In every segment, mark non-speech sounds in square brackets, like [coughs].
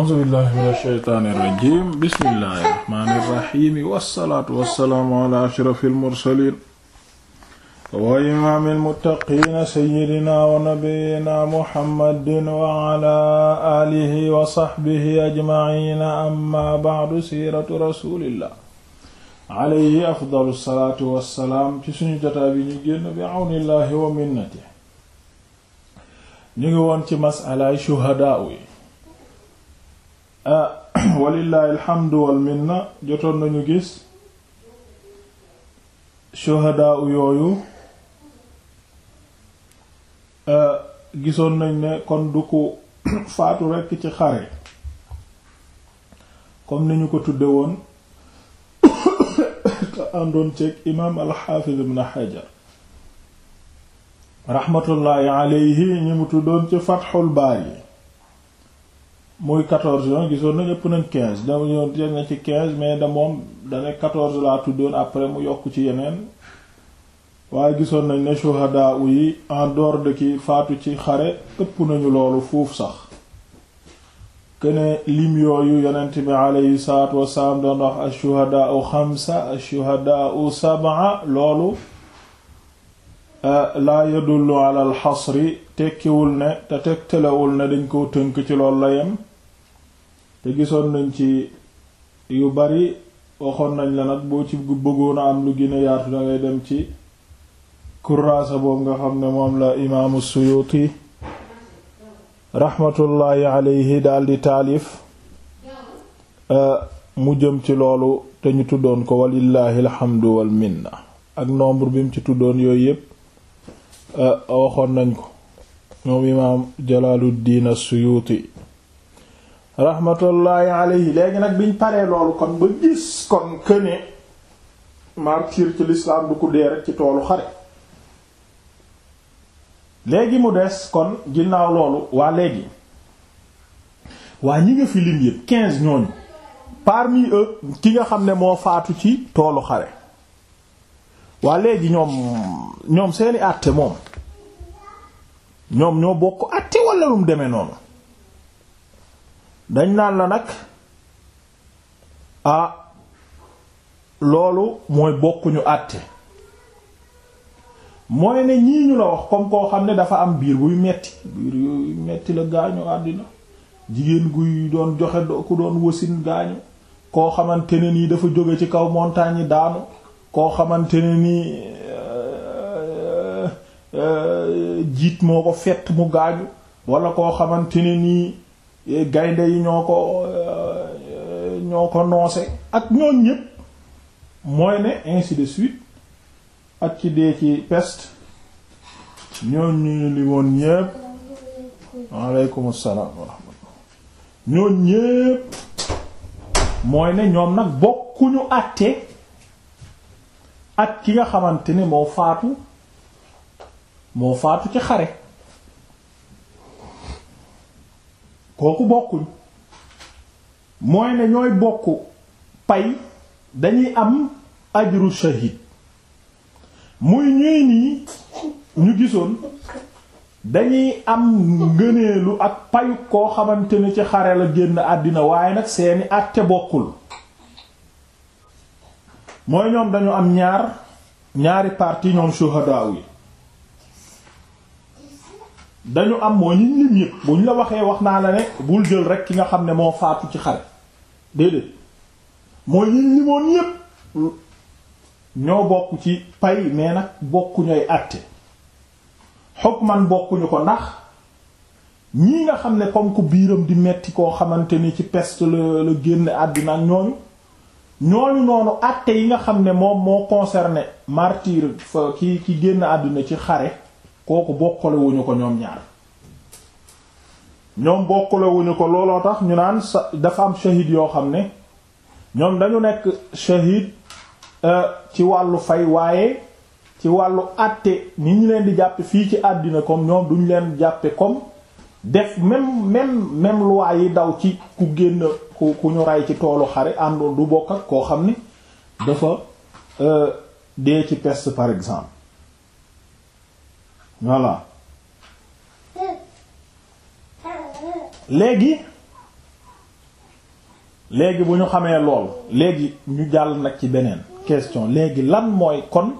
a'uuzu billahi mina shaytaani rajiim bismillahi rahmaani rahiim wassalaatu wassalaamu ala ashrafil mursaliin wa imaamil muttaqiin sayyidinaa wa nabiyyinaa muhammadin wa ala aalihi wa sahbihi ajma'iin amma ba'du siiratu rasuulillah alayhi afdalu salaatu wassalaam ci suñu jotaa bi ñu génn bi awnillahi wa minnatihi ñu ngi woon ci masalaay shuhadaa yi Ah, [clears throat] walillahi alhamdu wal jotoon nañu gis shuhadaa yooyu ah, gisoon nañ ne kon du ko [clears throat] faatu rekk ci xare comme ni ñu ko tudde woon te [coughs] àndoon ceeg imaam alxaafiz ibn xajar raxmatullaahi aleyhi ñi mu tuddoon ci fatxul baari mooy 14 juin gisoon nañ ëpp nañ 15 dama ñëw teg na ci quinze mais da moom da ne 14 laa tuddoon après mu yokk ci yeneen waaye gisoon nañ ne shuhada yi en dehors de ki faatu ci xare ëpp nañu loolu fuuf sax kene lim yooyu yonent bi aleyhi salaatu wasalaam doon wax ashuhada u xamsa ashuhada u sab'a loolu eh, laa yadullu ala al xasri tekkiwul ne te tegtalewul ne dañ koo tënk ci loolu la yem te gisoon nañ ci yu bari waxoon nañ la nag boo ci bëggoon a am lu gën yaatu dangay dem ci kuraasa boobu nga xam ne moom la imaamu suyuti raxmatullaahi aleyhi daldi taalif eh, mu jëm ci loolu te ñu tuddoon ko walillaahi alxamdu wal ak nombre bi mu ci tuddoon yooyu yépp eh, waxoon nañ ko moom imaam jalaaluddin as-suyuti rahmatullahi alayhi léegi nag biñ paree loolu kon ba gis kon këne martyr ci lislaam du ku dee rek ci toolu xare léegi mu des kon ginnaaw loolu waa léegi waa ñi nga fi lim yépp quinze ñooñu parmi eux ki nga xam ne moo faatu ci toolu xare waa léegi ñoom ñoom seeni àtte moom ñoom ñoo bokk àtte walla lu mu demee noonu dañ naan la nag ah loolu mooy bokkuñu àtte mooy ne ñii ñu la wax comme koo xam ne dafa am biir buy metti biir yu metti la gaañu àddina jigéen guy doon joxe ku doon wasin gaañu koo xamante ne nii dafa jóge ci kaw montagne yi daanu koo xamante ne nii euh, euh, jiit moo ko fett mu gaañu wala koo xamante ne nii gaynde yi ñoo ko ñoo ko noose ak ñoon ñépp mooy ne ak ci dee ci peste ñoon ñu li woon ñépp waaleykum salaam wa rahmatullah ñoon ñépp mooy ne ñoom nag bokkuñu àtte ak ki nga xamante ni moo faatu moo faatu ci xare kooku bokkul mooy ne ñooy bokk pay dañuy am ajru muy ñuy nii ñu gisoon dañuy am ngëneelu ak payu koo xamante ni ci xare la génn àddina waaye nag seeni àtte bokkul mooy ñoom dañu am ñaar ñaari parti ñoom shuhadaaw yi dañu am moo ñu lim yëpp buñ la waxee wax naa la ne bul jël rek ki nga xam ne moo faatu ci xare déedéet mooy ñi limoon yëpp ñoo bokk ci pay mais nag bokkuñooy àtte man bokkuñu ko ndax ñii nga xam ne comme ku biiram di metti koo xamante ni ci pest la la génn àddina ak ñooñu ñooñu noonu àtte yi nga xam ne moom moo concerné martyr fa ki ki génn àddina ci xare kooku bokkale ko ñoom ñaar ñoom bokkulewuñu ko looloo tax ñu naan sa dafa am shahid yoo xam ne ñoom dañu nekk shahid euh, ci wàllu fay waaye ci wàllu àtte ni ñu leen di jàppe fii ci àddina comme ñoom duñ leen jàppe comme def même même même yi daw ci ku génn ku ku ñu ray ci toolu xare àndoon du bokk koo xam ni dafa euh, dee ci peste par exemple voilà léegi léegi bu ñu xamee lool léegi ñu jàll nag ci beneen question léegi lan mooy kon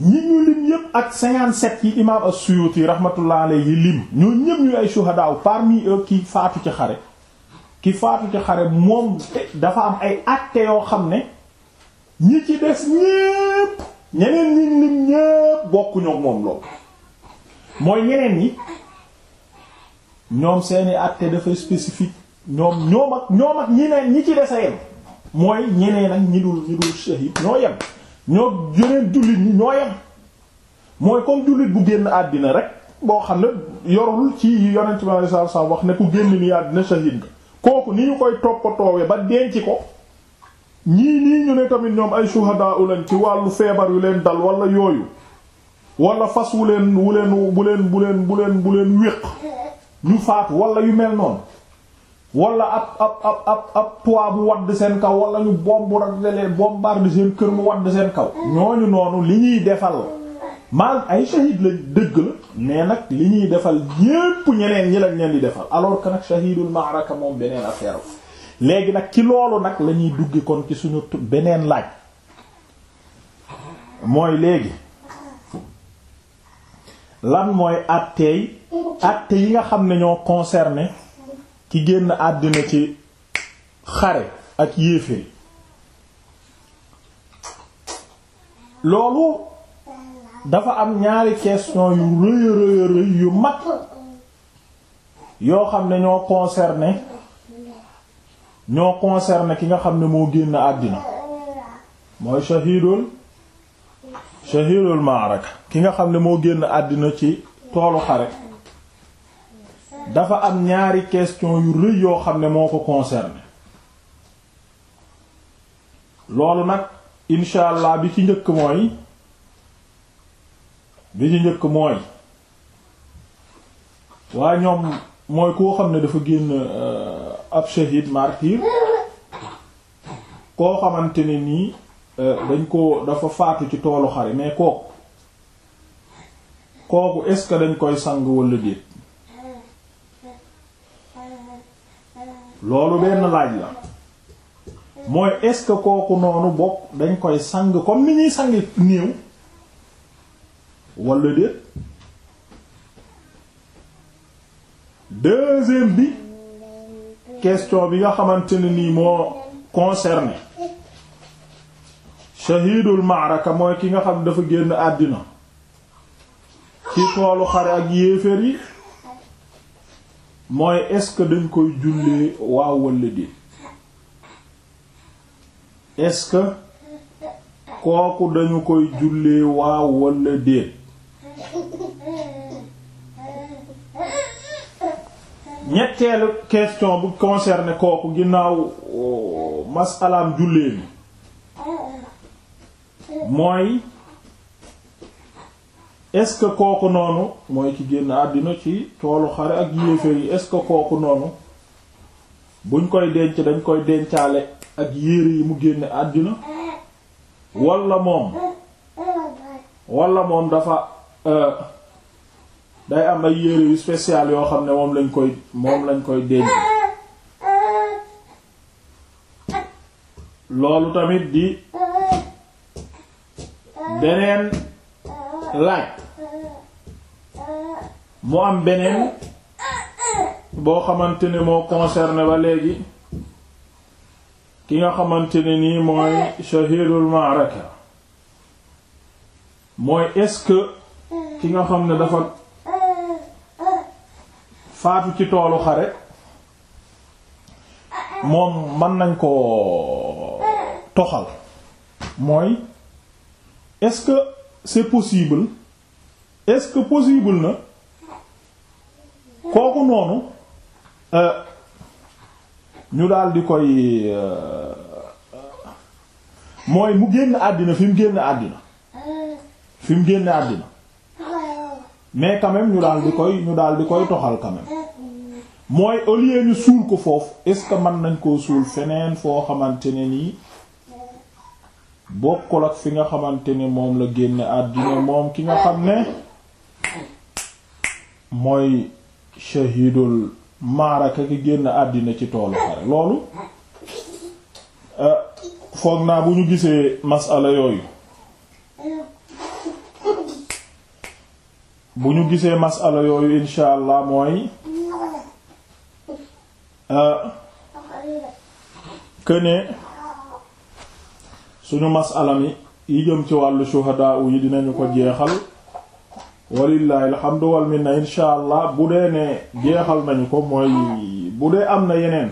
ñi ñu lim yépp ak 57 yi imaam as-Suyuti rahmatullah alayhi lim ñoo ñépp ñu ay shuhada parmi eux ki faatu ci xare ki faatu ci xare moom dafa am ay acte yoo xam ne ñi ci des ñépp ñeneen ñi lim ñépp bokkuñu moom lool mooy ñeneen ñi ñoom seeni àtte dafa spécifique ñoom ñoom ak ñoom ak ñeneen ñi ci des mooy ñeneen ñi dul ñi dul shahid ñoo yem ñoo yeneen jullit ñi ñoo yem mooy comme jullit bu génn àddina rek boo xam ne yorul ci yonent bi sallallahu alayhi wasallam wax ne ku génn ni àddina shahid nga kooku ni ñu koy toppatoowee ba denc ko ñii nii ñu ne tamit ñoom ay shuhadaa lañ ci wàllu feebar yu leen dal walla yooyu wala fas wu leen wu leen bu leen bu leen bu leen bu leen wéq ñu faatu wala yu mel noonu wala ab ab ab ab ab toit bu wadd seen kaw wala ñu bombardé bombardé seen kër mu wadd seen kaw. ñooñu noonu li ñuy defal mal ay shahid lañ dëgg la mais nag li ñuy defal ñépp ñeneen ñi lañ leen di defal alors que nag shahidul ma'raka moom beneen affaire léegi nag ci loolu nag la ñuy duggi kon ci suñu beneen laaj mooy léegi. lan mooy àtteey àtte yi nga xam ne ñoo concerné ki génn àddina ci xare ak yéeféer loolu dafa am ñaari question yu rëy rëy rëy yu mag yoo xam ne ñoo concerné ñoo concerné ki nga xam ne moo génn àddina mooy shahidul shahidul ma'raka ki nga xam ne moo génn àddina ci toolu xare dafa am ñaari question yu rëy yoo xam ne moo ko concerné loolu nag incha allah bi ci njëkk mooy bi ci njëkk mooy waa ñoom mooy koo xam ne dafa génn euh, ab shahid martyr koo xamante ne nii Euh, dañ ko dafa faatu ci toolu xare mais kooku kooku est-ce que dañ koy sang walla déet loolu benn laaj la mooy est-ce que kooku noonu bokk dañ koy sang comme ni ñuy sangi néew walla déet deuxième bi question bi nga xamante ne nii moo concerné shahidul maaraka mooy ki nga xam dafa génn àddina ci toolu xare ak yéeféer yi mooy est dañ koy jullee waaw walla déet est kooku dañu koy jullee waaw walla ñetteelu question bu concerné kooku ginnaaw euh, masalaam jullee mi mooy est kooku noonu mooy ci génn àddina ci toolu xare ak yéeféer yi est-ce kooku noonu buñ koy denc dañ koy dencaale ak yére yi mu génne àddina walla moom walla moom dafa euh, day am ay yére yu spécial yoo xam ne moom lañ koy moom lañ koy denc loolu tamit di beneen laaj mu am beneen boo xamante ne moo concerné ba léegi ki nga xamante ne nii mooy shahidul ma'raka mooy est-ce que ki nga xam ne dafa faatu ci toolu xare moom mën nañ koo toxal mooy est-ce que c'est possible est-ce que possible na kooku noonu euh, ñu daal koy euh, mooy mu génn àddina fi mu génn àddina fi mu génn àddina mais quand ñu daal di koy ñu daal di koy toxal quand mooy au lieu ñu suul ko foofu est-ce que mën nañ koo suul feneen foo xamante ne nii. bokkul ak fi nga xamante ne moom la génne àddina moom ki nga xam ne mooy shahidul maaraka ki génn àddina ci toolu xare loolu euh, foog naa bu ñu gisee masala yooyu bu ñu gisee masala yooyu insha allah mooy euh, que suñu masala mi yi jëm ci wàllu shuhadaa yi dinañu ko jeexal walillahi alhamdu wal minna insha allah bu dee ne jeexal nañu ko mooy bu dee am na yeneen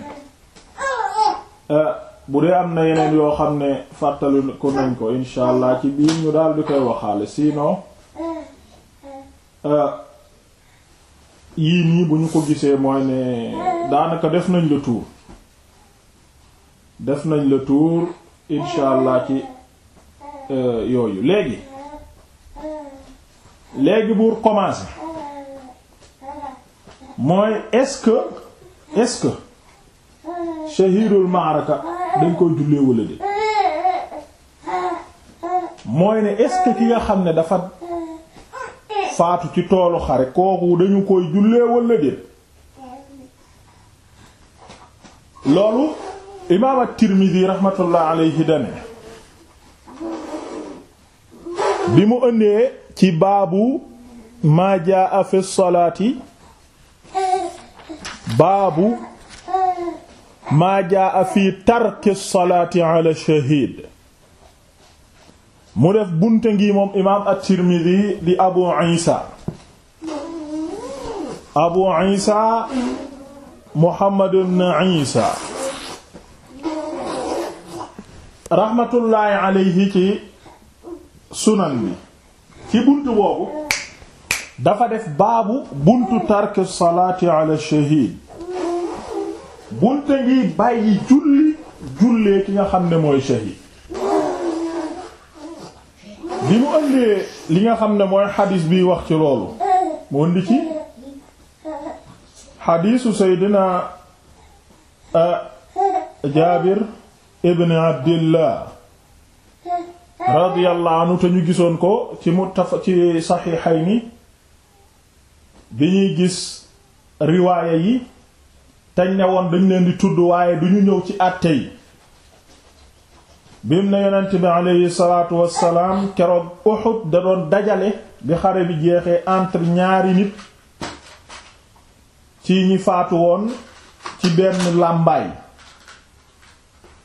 eh, bu dee am na yeneen yoo xam ne fàttali ko nañ ko insha allah ci biir ñu daal di koy waxaale sinon eh, yii nii bu ñu ko gisee mooy ne daanaka def nañ le tour def nañ la tour insha allah ci euh, yooyu léegi léegi buur commencer mooy est-ce que est-ce que maaraka dañ koy jullee wala de mooy ne est-ce nga xam ne dafa faatu ci toolu xare kooku dañu koy jullee wala loolu imaam at-Tirmidhi alayhi dane bi mu ëndee ci baabu maa jaa fi salaati baabu maa jaa fi tarki salaati ala shahiid mu def bunte moom imaam at-Tirmidhi di Abu Isa Abu Isa Muhammad ibn Isa raxmatullaahi alayhi ci sunan bi ci buntu boobu dafa def baabu buntu tarki salaati ala shahiid buntu ngi bàyyi julli jullee ki nga xam ne mooy shahiid bi mu ëndee li nga xam ne mooy xadiis biy wax ci loolu mu ëndi ci xadiisu seydina uh, jaabir ibn abdillah radiyallahu te ñu gisoon ko ci muttafa ci saxiixayni bi ñuy gis riwaaya yi teñ ne woon dañ leen di tudd waaye duñu ñëw ci àtte yi bim ne yonent bi aleyhi salaatu wassalaam keroog Uhud da doon dajale bi xare bi jeexee entre ñaari nit ci ñi faatu woon ci benn làmbaay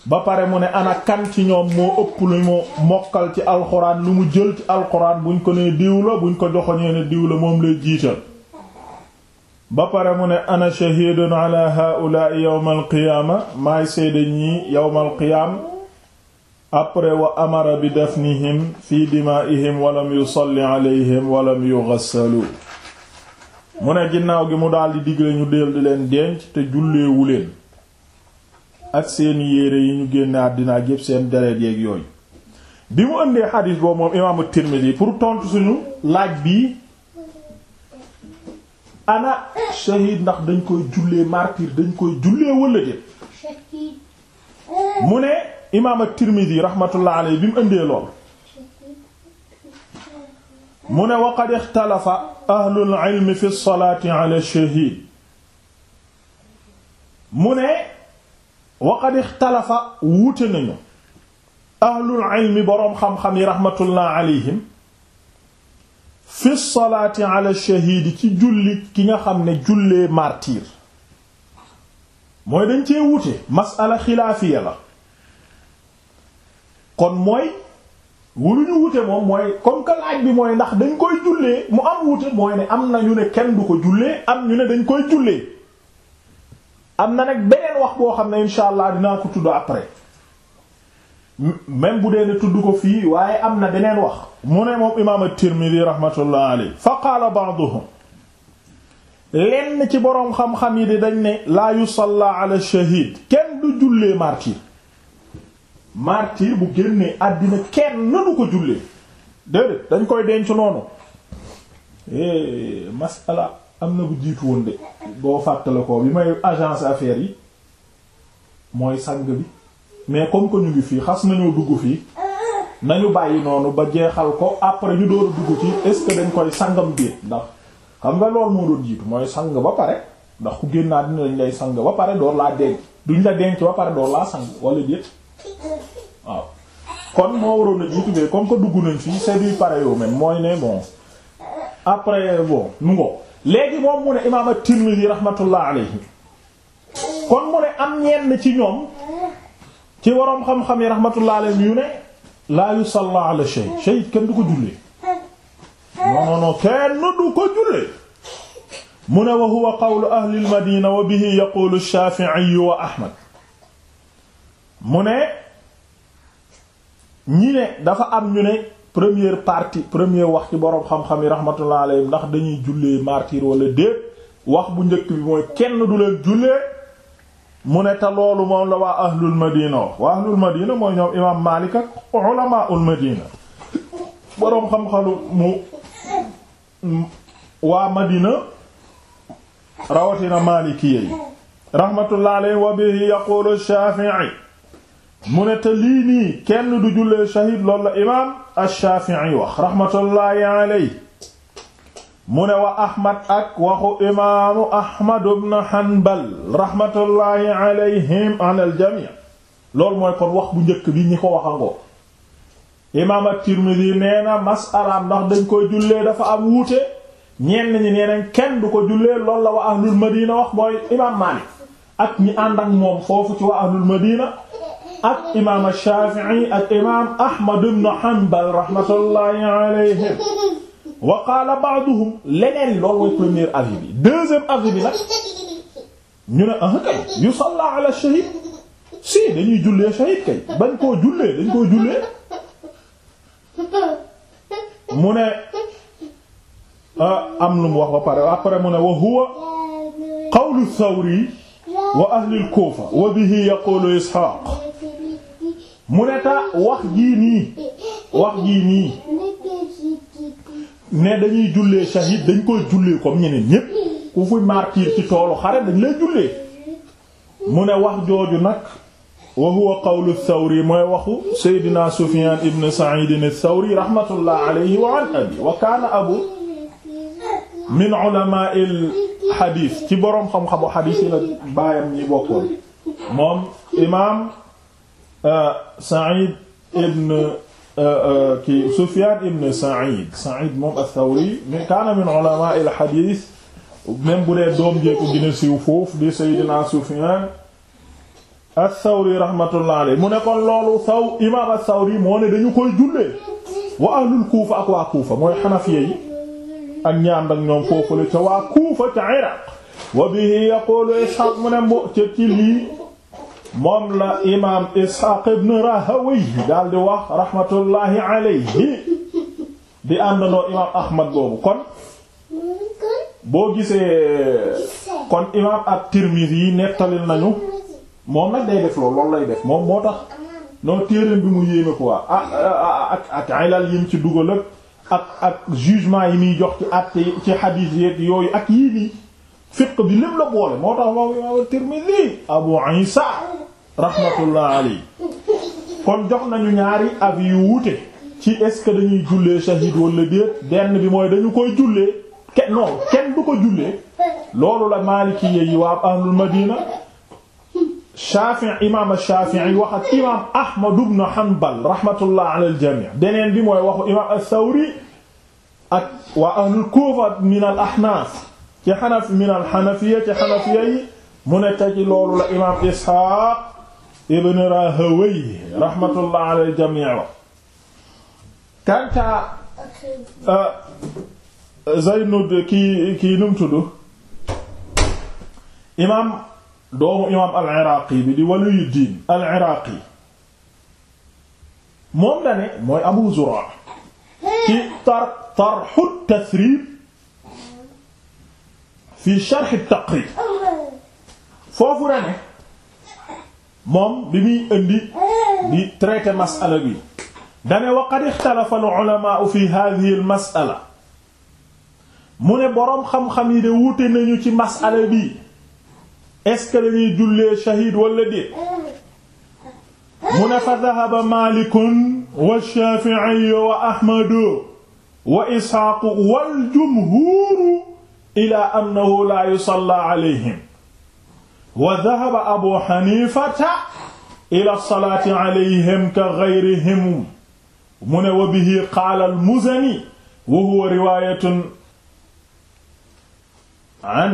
ba pare mu ne ana kan ci ñoom moo ëpp lu mu mokkal ci alxuraan lu mu jël ci alxuraan buñ ko nee diw buñ ko joxoñee ne diw moom lay jiital ba pare mu ne ana shahidun ala haula'i yawm alqiyaama maay seede ñi yawm alqiyaam après wa amara bi dafnihim fi dimaa'ihim walam yusalli alayhim walam yughassalu mu ne ginnaaw gi mu daldi digle ñu del di leen denc te julleewu leen ak seen yére yi ñu génne àddina ak yépp seen deret yeeg yooyu bi mu ëndee xadis boobu moom imaamu Tirmidhi pour tontu suñu laaj bi ana shahid ndax dañ koy jullee martyr dañ koy jullee wala mu ne imaam at-Tirmidhi rahmatullah alayhi bi mu ëndee lool mu ne wa ixtalafa ahlul ilmi fi salaati ala shahid mu ne waqad ixtalafa wuute nañu ahlul ilmi boroom xam-xam yi rahmatullah alayhim fi salaati ala shahiidi ci julli ki nga xam ne jullee martyr mooy dañ cee wuute masala xilaafiya la kon mooy wuruñu wute moom mooy comme bi mooy ndax dañ koy jullee mu am wute mooy ne am na ñu ne kenn du ko jullee am ñu ne dañ koy jullee am na nag beneen wax boo xam ne insha allah dinaa ko tudd après même bu dee ne tudd ko fii waaye am na beneen wax mu ne moom imaam at-Tirmidhi rahmatullah alayhi fa qaala lenn ci boroom xam-xam yi di dañ ne laa yusalla ala shahid kenn du jullee martyr martyr bu génnee àddina kenn du ko jullee déedéet dañ koy denc noonu eh, masala am na bu jiitu woon de boo fàttale ko bi may agence affaires yi mooy sang bi mais comme que ñu ngi fii xas nañoo dugg fii nañu bàyyi noonu ba jeexal ko après ñu door dugg fii est-ce que dañ koy sangam biir ndax xam nga loolu moo doon jiitu mooy sang ba pare ndax ku génn naa dina dañ lay sang ba pare door laa denc duñ la denc ba pare door laa sang wala déet waaw kon moo waroon a jiitu mais comme que dugg nañ fii c'est du pareil au même mooy ne bon après bon nu léegi moom mu ne imaam at-Tirmidhi rahmatullah kon mu ne am ñenn ci ñoom ci waroom xam-xam yi rahmatullah alayhi yu ne laa yusalla ala shay shay kenn du ko jullee mu ne wa huwa qawlu ahli al wa bihi yaqulu ash-Shafi'i wa Ahmad mu ne ñi dafa am ñu ne première partie première wax ci boroom xam-xam yi rahmatullah ndax dañuy jullee martyr wala déet wax bu njëkk bi mooy kenn du leen jullee mu ne te loolu moom la waa ahlul madina wax waa ahlul madina mooy ñoom imaam Maalik ak waa madina rawatina maalikiyya yi rahmatullah alayhi wa bihi mu ne te lii nii kenn du jullee shahid loolu la imaam ash-Shafi'i wax rahmatullahi alayhi mu ne wa Ahmad ak waxu imaamu Ahmad ibn Hanbal rahmatullahi alayhim ala al-jami' loolu mooy kon wax bu njëkk bi ñi ko waxangoo imaam at nee na masalaam ndax dañ koy jullee dafa am wuute ñenn ñi nee kenn du ko jullee loolu la wa ahlul madina wax mooy imaam Maalik ak ñi ànd moom foofu ci wa ahlul madina ak imaam Shaafi'i ak imaam Ahmad ibn Hanbal rahmatullahi alayhim wa qaala ba'duhum leneen loolu mooy premier avis bi deuxième avis bi nag ñu ne ah kay yusalla ala shahid si dañuy jullee shahid kay bañ koo jullee dañ koo jullee mu ne ah, am lu mu wax ba pare après mu ne wa huwa qawlu Thawri wa ahli al-Kufa wa bihi yaqulu Ishaq mu ne ta wax jii nii wax jii nii ne dañuy jullee shahid dañ koy jullee comme ñeneen ñépp ku fuy martyr ci toolu xare dañ lay jullee mu ne wax jooju nag wa huwa qawlu Thawri mooy waxu Seydina Sufyan ibn Sa'id ath-Thawri rahmatullah alayhi wa an abi wa kaana abu min ulama al-hadith ci boroom xam-xamu hadith yi la baayam ñi bokkoon moom imaam Euh, Saïd ibn euh, euh, kii Sufyaan ibn Saïd Saïd moom ath-Thawri mais kaana min ulamaa al-hadiis même bu dee doom jee ko gën a siiw foofu di Seydina Sufyaan ath-Thawri rahmatullah alayhi mu ne kon loolu saw imaam ath-Thawri moo ne dañu koy jullee wa ahlul Kuufa ak waa Kuufa mooy Hanafiyya yi ak ñaan ak ñoom foofu la ca waa Kuufa ca Iraq wa bihi yaqulu Ishaq mu ne mbo ca ci lii moom la imaam Isxaaq ibn Rahawayh daal di wax rahmatullahi alayhi di àndandoo imaam Ahmad boobu kon boo gisee kon imaam at yi nettalil nañu moom nag day def loolu loolu lay def moom moo tax noo téereem bi mu yéeme quoi ak ah, ah, ak ak ilal ci dugal ak ak jugement yi muy jox ci àtte ci xadiis yooyu ak yii nii fiq bi lépp la boole moo tax moom imaam at Abu Isa rahmatullah aley kon jox nañu ñaari avis yu wuute ci est-ce que dañuy jullee shahid wala déet benn bi mooy dañu koy jullee ke non kenn du ko jullee loolu la maaliki yi waa ahlul madina Shafi'i imaam Shafi'i wax ak imaam Ahmad ibn Hanbal rahmatullah ala al-jami' beneen bi mooy waxu imaam as-Sawri ak waa min al-Ahnaf ci Hanaf min al-Hanafiyya ci Hanafiyya mu ne te loolu la imaam Ishaq ibn Rahawayh rahmatullah alal jamii kanta ah, Zaynud kii kii num tudd imaam doomu imaam al-Iraaqi bi di Waliyuddin al-Iraaqi moom la ne mooy Abu Zura ci tar tarxu tasrib fi sharh at-taqrib foofu la ne moom bi muy indi di traité masala bi dane wa qad ixtalafa al ulama fi hadhihi al masala mu ne boroom xam-xam yi de wuute nañu ci masala bi est-ce que lañuy jullee shahid wala déet mu ne fa dahaba malikun wa shafi'i wa ahmadu wa ishaaqu wal jumhuuru ila annahu la yusalla alayhim wa dahaba abu xanifata ila salaati alayhim ka gayrihim mu ne wa bihi qaala almuzani wa huwa riwaayatun an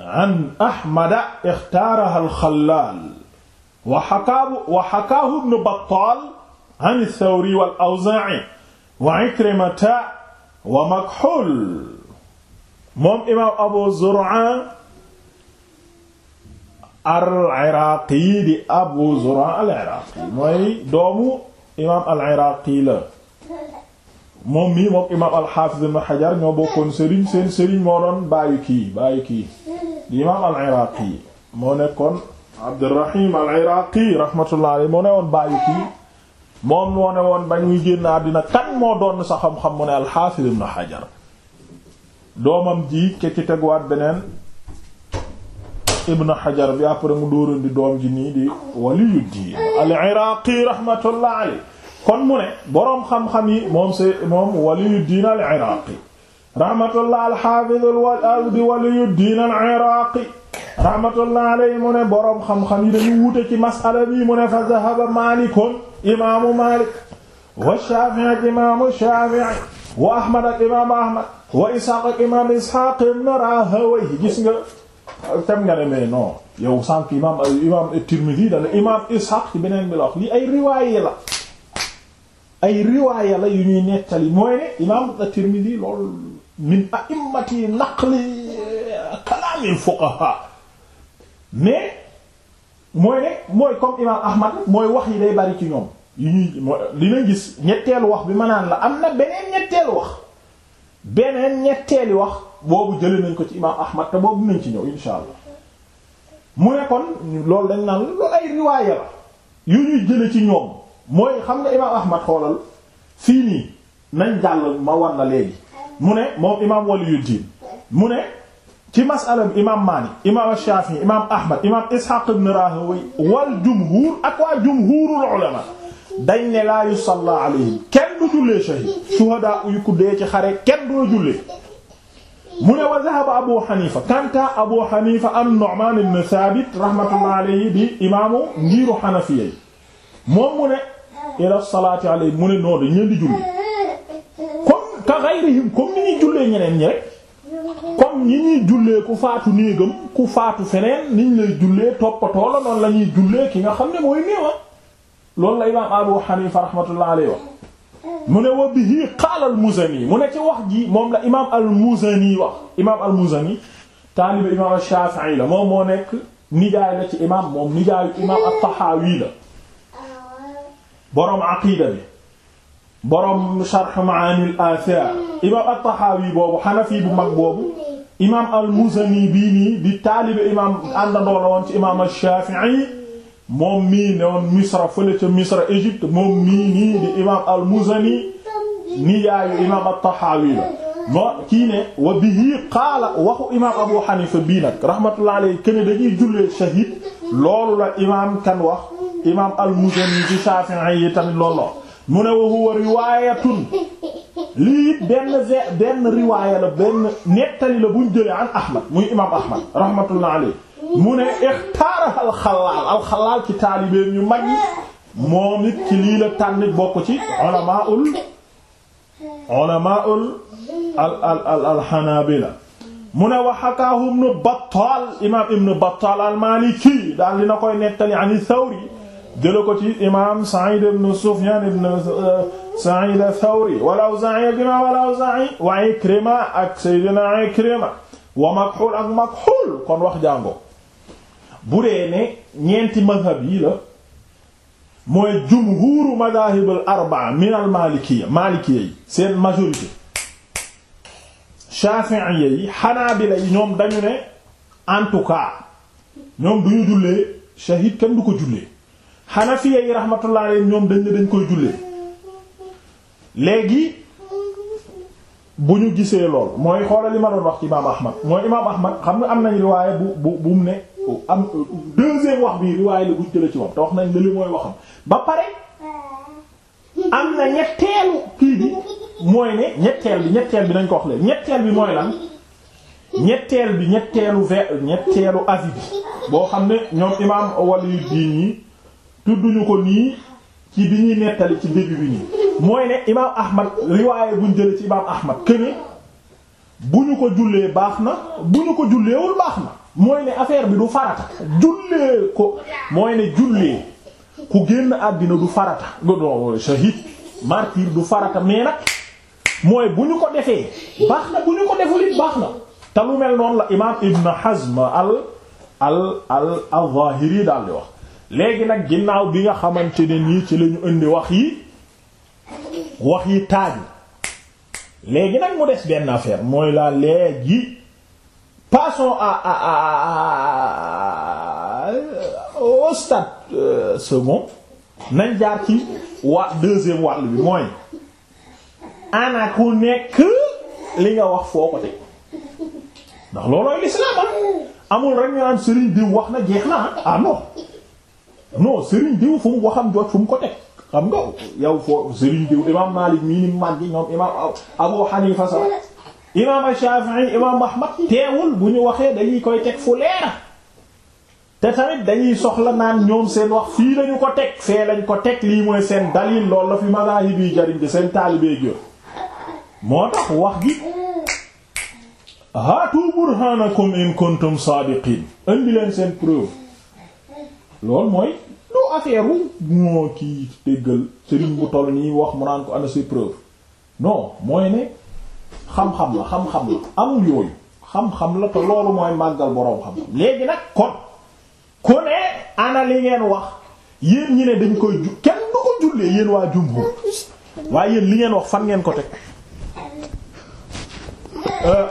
an ahmada ixtaaraha alxallaal wa hakaahu wa hakaahu ibnu battaal an althawri wal awzaa'i wa ikrimata wa makxuul moom imaam abu zur'a al-Iraqi di Abu Zur'a al-Iraqi mooy doomu imaam al-Iraqi la moom mii moom imaam al-Hafiz ibn Hajar ñoo bokkoon sëriñ seen sëriñ moo doon bàyyi kii bàyyi kii di imaam al-Iraqi moo nekkoon Abdurrahim al-Iraqi rahmatullah alayhi moo ne woon bàyyi kii moom moo ne woon bañ muy génn àddina kan moo doon sa xam-xam mu ne al-Hafiz ibn Hajar doomam ji ke ci teguwaat beneen ibn Hajar bi après mu dóorandi doom ji nii di waliyuddin al-Iraqi rahmatullah alayhi kon mu ne xam-xam yi moom se moom waliyuddin al-Iraqi rahmatullah al-hafiz al-abdi waliyuddin al-Iraqi rahmatullah alayhi mu ne boroom xam-xam yi dañu wuute ci masala bi mu ne fa zahaba Malikun imaamu Malik wa Shafi'i ak imaamu Shafi'i wa Ahmad ak imaamu Ahmad wa Ishaq ak imaamu Ishaq ibn Rahawayh gis tam nga ne mais non yow sànq imam imam Tirmidhi dana imam Ishaq ci beneen bi la wax lii ay riwaaye la ay riwaaye la yu ñuy nettali mooy ne imam Tirmidhi lool min a'immati naqli kalaami fuqaha mais mooy ne mooy comme imam Ahmad mooy wax yi day bari ci ñoom yu ñuy li na gis ñetteelu wax bi ma naan la am na beneen ñetteelu wax beneen ñetteeli wax boobu jëlee nañ ko ci imaam Ahmad te boobu nañ ci ñëw insha allah mu ne kon loolu dañ naan loolu ay riwaaya la yu ñuy jële ci ñoom mooy xam nga imaam Ahmad xoolal fii nii nañ jàll ma war na léegi mu ne moom imaam Waliyuddin mu ne ci masala bi imaam Maalik imaam Shaafi'i imaam Ahmad imaam Isxaaq ibn Raahawayh wal jumhuur ak waa jumhuurul ulamaa dañ ne laa yusalla alayhim kenn du jullee shahid shuhada yu ku dee ci xare kenn doo jullee mu ne wa dhahaba abu xanifa kanta abu xanifa an nu'man ibn thabit rahmatullah alayhi di imaamu ngiiru xanafiya yi moom mu ne ila salaati alayhim mu ne noo dañ jullee comme ka ghayrihim comme ni ñuy jullee ñeneen ñi rek comme ñi ñuy jullee ku faatu néegam ku faatu feneen niñ lay jullee toppatoo la noonu la ñuy jullee ki nga xam ne mooy néewa ah. loolu la imaam Abu Hanifa rahmatullahi alayhi wax mu ne wa bihi qaala al-Muzani mu ne ci wax ji moom la imaam al-Muzani wax imaam al-Muzani taaliba imaam Shaafi'i la moom moo nekk nijaay la ci imaam moom nijaayu imaam at-Tahawi la boroom aqiida bi boroom sharh ma'aani al-aasaar imaam at-Tahawi boobu Hanafi bu mag boobu imaam al-Muzani bii nii di taaliba imaam àndandoo la woon ci imaam Shaafi'i moom mii ne woon misra fële ca misra Égypte moom mii nii di imaam al-Muzani nijaayu imaam at-Tahawi la moo kii ne wa bihi qaala waxu imaam bii nag rahmatullah alayhi kene dañuy jullee shahid lool la imaam kan wax imaam al-Muzani ci Shafi'i yi tamit loolu la mu ne wa huwa riwaayatun lii benn riwaaya la benn nettali la buñ an Ahmad muy imaam Ahmad rahmatullah alayhi mu ne ixtaara alxalaal alxalaal ci taalibeem yu mag yi moom it ci lii la tànn bokk ci ulamaul ulamaul al al al alxanaabila mu ne wa hakaahu ibnu Battaal imaam ibnu Battaal al-Maaliki daal dina koy nettali an Sawri jële ko ci imaam Sa'iid ibnu Sufyaan ibnu euh, Sa'iid Sawri wal Awzaa'i ak imaam al Awzaa'i wa Ikrima ak Seydina Ikrima wa Makhuul ak Makhuul kon wax jàngoo bu dee ne ñeenti mazhab yii la mooy jumhuuru madahibul arbaa minal maalikiya maalikiya yi seen majorité shafi'iyya yi xanaabila yi ñoom dañu ne en tout cas ñoom duñu jullee shahid kenn du ko jullee xanafiya yi rahmatullah alayhim ñoom dañ dañ koy jullee léegi bu ñu gisee lool mooy xoolal li ma doon wax ci imaam Ahmad mooy imaam Ahmad xam nga am nañ riwaaye bu bu bu mu ne am deuxième wax bi riwaay la buñ jëlee ci moom te wax nañ ne li mooy waxam ba pare am na ñetteelu kii bi mooy ne ñetteel bi ñetteel bi nañ ko wax leen ñetteel bi mooy lan ñetteel bi ñetteelu ve ñetteelu avis bi boo xam ne ñoom imaam Walid diin yi tudduñu ko nii ci bi ñuy nettali ci début bi nii mooy ne imaam Ahmad riwaaye buñ jëlee ci imaam Ahmad que bu ñu ko jullee baax na bu ñu ko julleewul baax na mooy ne affaire bi du farata jullee ko mooy ne jullee ku génn àddina du farata godoo shahid martyr du farata mais nag mooy bu ñu ko defee baax na bu ñu ko deful it baax na te lu la imam ibn hazm al al al al-zahiri daal di wax léegi nag ginnaaw bi nga xamante ne nii ci lañu indi wax yi wax yi taaju léegi nag mu des benn affaire mooy la léegi passons à, à, à, au stade euh, second nañ jaar ci wa deuxième wàll bi mooy ana ku nekk li nga wax foo ko teg ndax loolooy l'islam ah. amul rek ñu naan Serigne diw wax na jeex na ah, ah non non Serigne diw fu mu waxam jot fu ko teg xam nga yow foo Serigne diw imam Malik mii ni màgg ñoom imam Abu Hanifa sax imaam Shafi'i imaam Ahmad teewul bu ñu waxee dañuy koy teg fu leer te tamit dañuy soxla naan ñoom seen wax fii lañu ko teg fee lañ ko teg lii mooy seen dalil loolu la fi mazahib yi jariñ di seen taalibee jur moo tax wax gi haatu burhanakum in kuntum saadiqin indi leen seen preuve loolu mooy lu affaire wu moo kii déggal sëriñ bu toll nii wax mu naan ko ana si preuve non mooy ne xam-xam la xam-xam la amul yooyu xam-xam la te loolu mooy màggal boroom xam léegi nag kon ku ne ana li ngeen wax yéen ñi ne dañ koy ju kenn du ko jullee yéen waa jumhur waaye yéen li ngeen wax fan ngeen ko teg euh,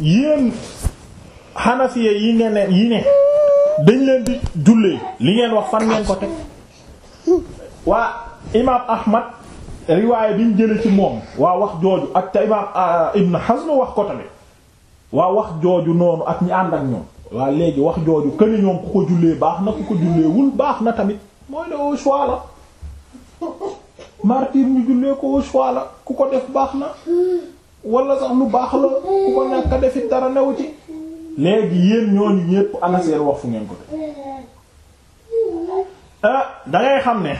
yéen xanafiye yi ngeen ne yi ne dañ leen di jullee li ngeen wax fan ngeen ko teg waa imaam Ahmad riwaaya bi ñu jëlee ci moom waa wax jooju ak te imaam euh, Ibn Hazm wax ko tamit waa wax jooju noonu ak ñi ànd ak ñoom waa léegi wax jooju këni ñoom ku ko jullee baax na ku ko julleewul baax na tamit mooy la au choix la martyr ñu jullee ko au la ku ko def baax na wala sax lu baax la ku ko ñàkk defit dara newu ci léegi yéen ñooñu ñépp ana seen wax fu ngeen ko def ah, da xam ne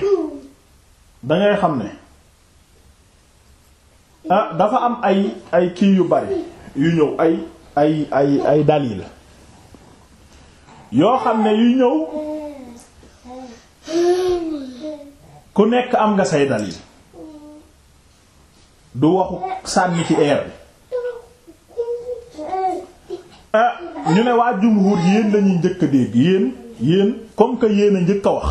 da xam ne Ah, dafa am ay ay kii yu bari yu ñëw ay ay ay ay dalil yoo xam ne yu ñëw ku nekk am nga say dalil du waxu sànni ci air bi ah, ñu ne waa jumhur yéen lañuy jëkk a dégg yéen yéen comme que yéen a njëkk a wax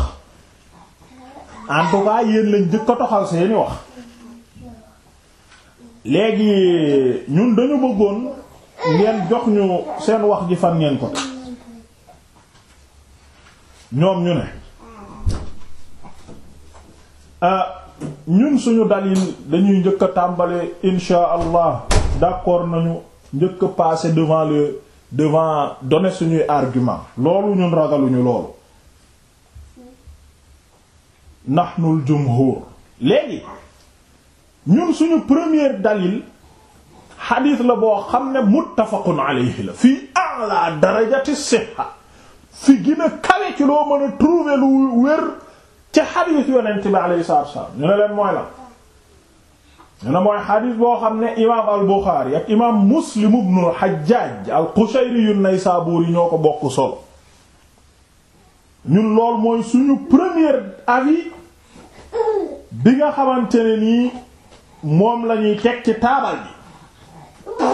en tout cas yéen lañ njëkk a toxal seeni wax léegi ñun dañu bëggoon ngeen jox ñu seen wax ji fan ngeen ko ñoom ñu ne ah, ñun suñu dalil dañuy njëkk a tàmbale insha allah d'accord nañu njëkk a passer devant le devant donner suñuy argument loolu ñun ragaluñu loolu nahnul jumhur léegi ñun suñu premier dalil xadiis la boo xam ne muttafaqun alayhi la fii a'la darajati sihha fi gën a kawe ci loo mën a trouver wér ci xadiis yonent bi alayhi salaatu ñu ne leen mooy la ñu ne mooy xadiis boo xam ne imaam al Buxaari ak imaam Muslim ibnu al Hajjaaj al Qushayri an ñoo ko bokk solo ñun lool mooy suñu premier avis bi nga xamante nii moom lañuy ñuy teg ci taabal ji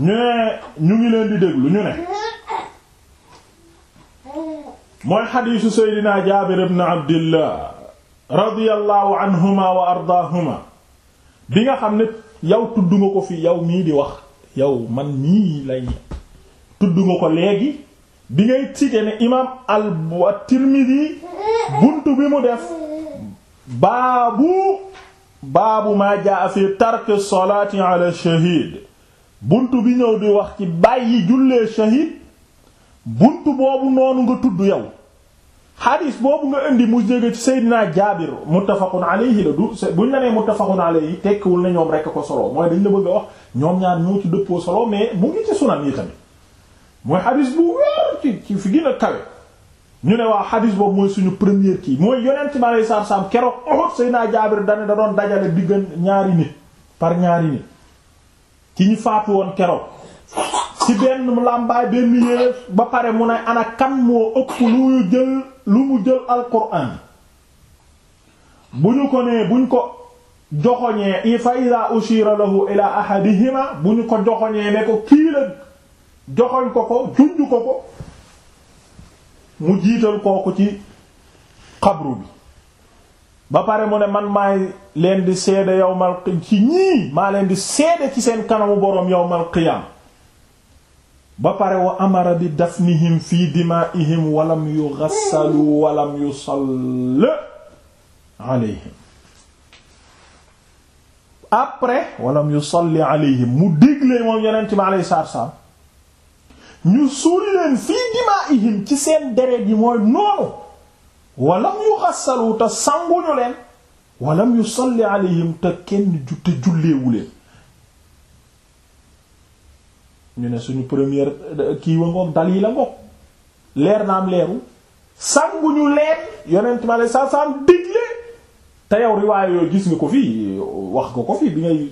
ñu ne ñu ngi leen di déglu ñu ne mooy xadiisu seydina jaabir ibn abdillah radiyallahu anhuma wa ardaahuma bi nga xam ne yow tudd nga ko fi yow mii di wax yow man mii lay tudd nga ko léegi bi ngay cité ne imaam al-Tirmidhi bi mu def baabu baabu maa jaa fi tarki salaati ala shahid bunt bi ñëw di wax ci bàyyi jullee shahid bunt boobu noonu nga tudd yow xadis boobu nga indi mu jóge ci Seydina Jaabir muttafaqun alayhi la du buñ la nee muttafaqun alayhi tekkiwul na ñoom rekk ko solo mooy dañ la bëgg a wax ñoom ñaar ñoo ci dëppoo solo mais mu ngi ci sunan yi tamit mooy xadis bu wér ci fi gën a kawe ñu ne waa xadis boobu mooy suñu première kii mooy yonent bi alayhi salaatu salaam keroog Uhud Seydina Jaabir dane da doon dajale diggan ñaari nit par ñaari nit ci ñu faatu woon keroog ci benn làmbaay benn yéer ba pare mu ne ana kan moo ëpp lu mu jël lu mu jël alquran bu ñu ko nee buñ ko joxoñee fa ida ushira lahu ila ahadihima bu ñu ko joxoñee ne ko kii la joxoñ ko ko junj ko ko mu jiital kooku ci xabru bi ba pare mu ne man maay leen di seede yowmal ci ñii maa leen di seede ci seen kanamu boroom yowmal qiyaam ba pare wa amara bi dafnihim fi dimaa'ihim walam yughassalu walam yusall alayhim après walam yusalli alayhim mu digle moom yeneen ci ma alayhi salaam ñu suul leen fii dimaa'ihim ci seen deret yi mooy noonu walam yu xassalu te sanguñu leen walam yusalli alayhim te kenn te julleewu leen ñu ne suñu première kii wa dal yi la ngoog leer na am leeru sanguñu leen yonent ma lay sa sam digle te yow riwaaya yooyu gis nga ko fii wax nga ko fii bi ngay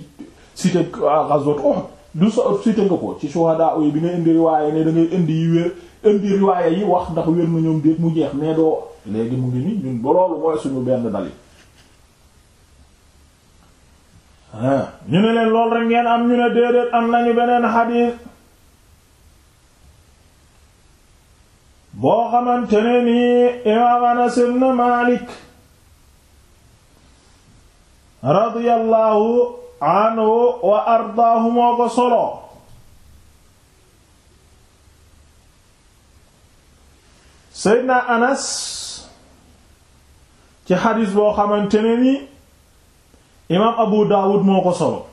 cité ah, ghazwat Uhud du sa ëpp cité ko ci shuhada yi bi nga indi riwaaya ne da ngay indi yi wér indi riwaaya yi wax ndax wér na déet mu jeex ne doo léegi mu ngi ni ñun ba loolu mooy suñu benn dali ñu ne leen lool rek ngeen am ñu ne déedéet am nañu beneen xadiis boo xamante ne nii imaam Anas Maalik radiyallahu anhu wa ardaahu moo ko solo seydna anas ci xadis boo xamante ne ni imaam abu daawud moo ko solo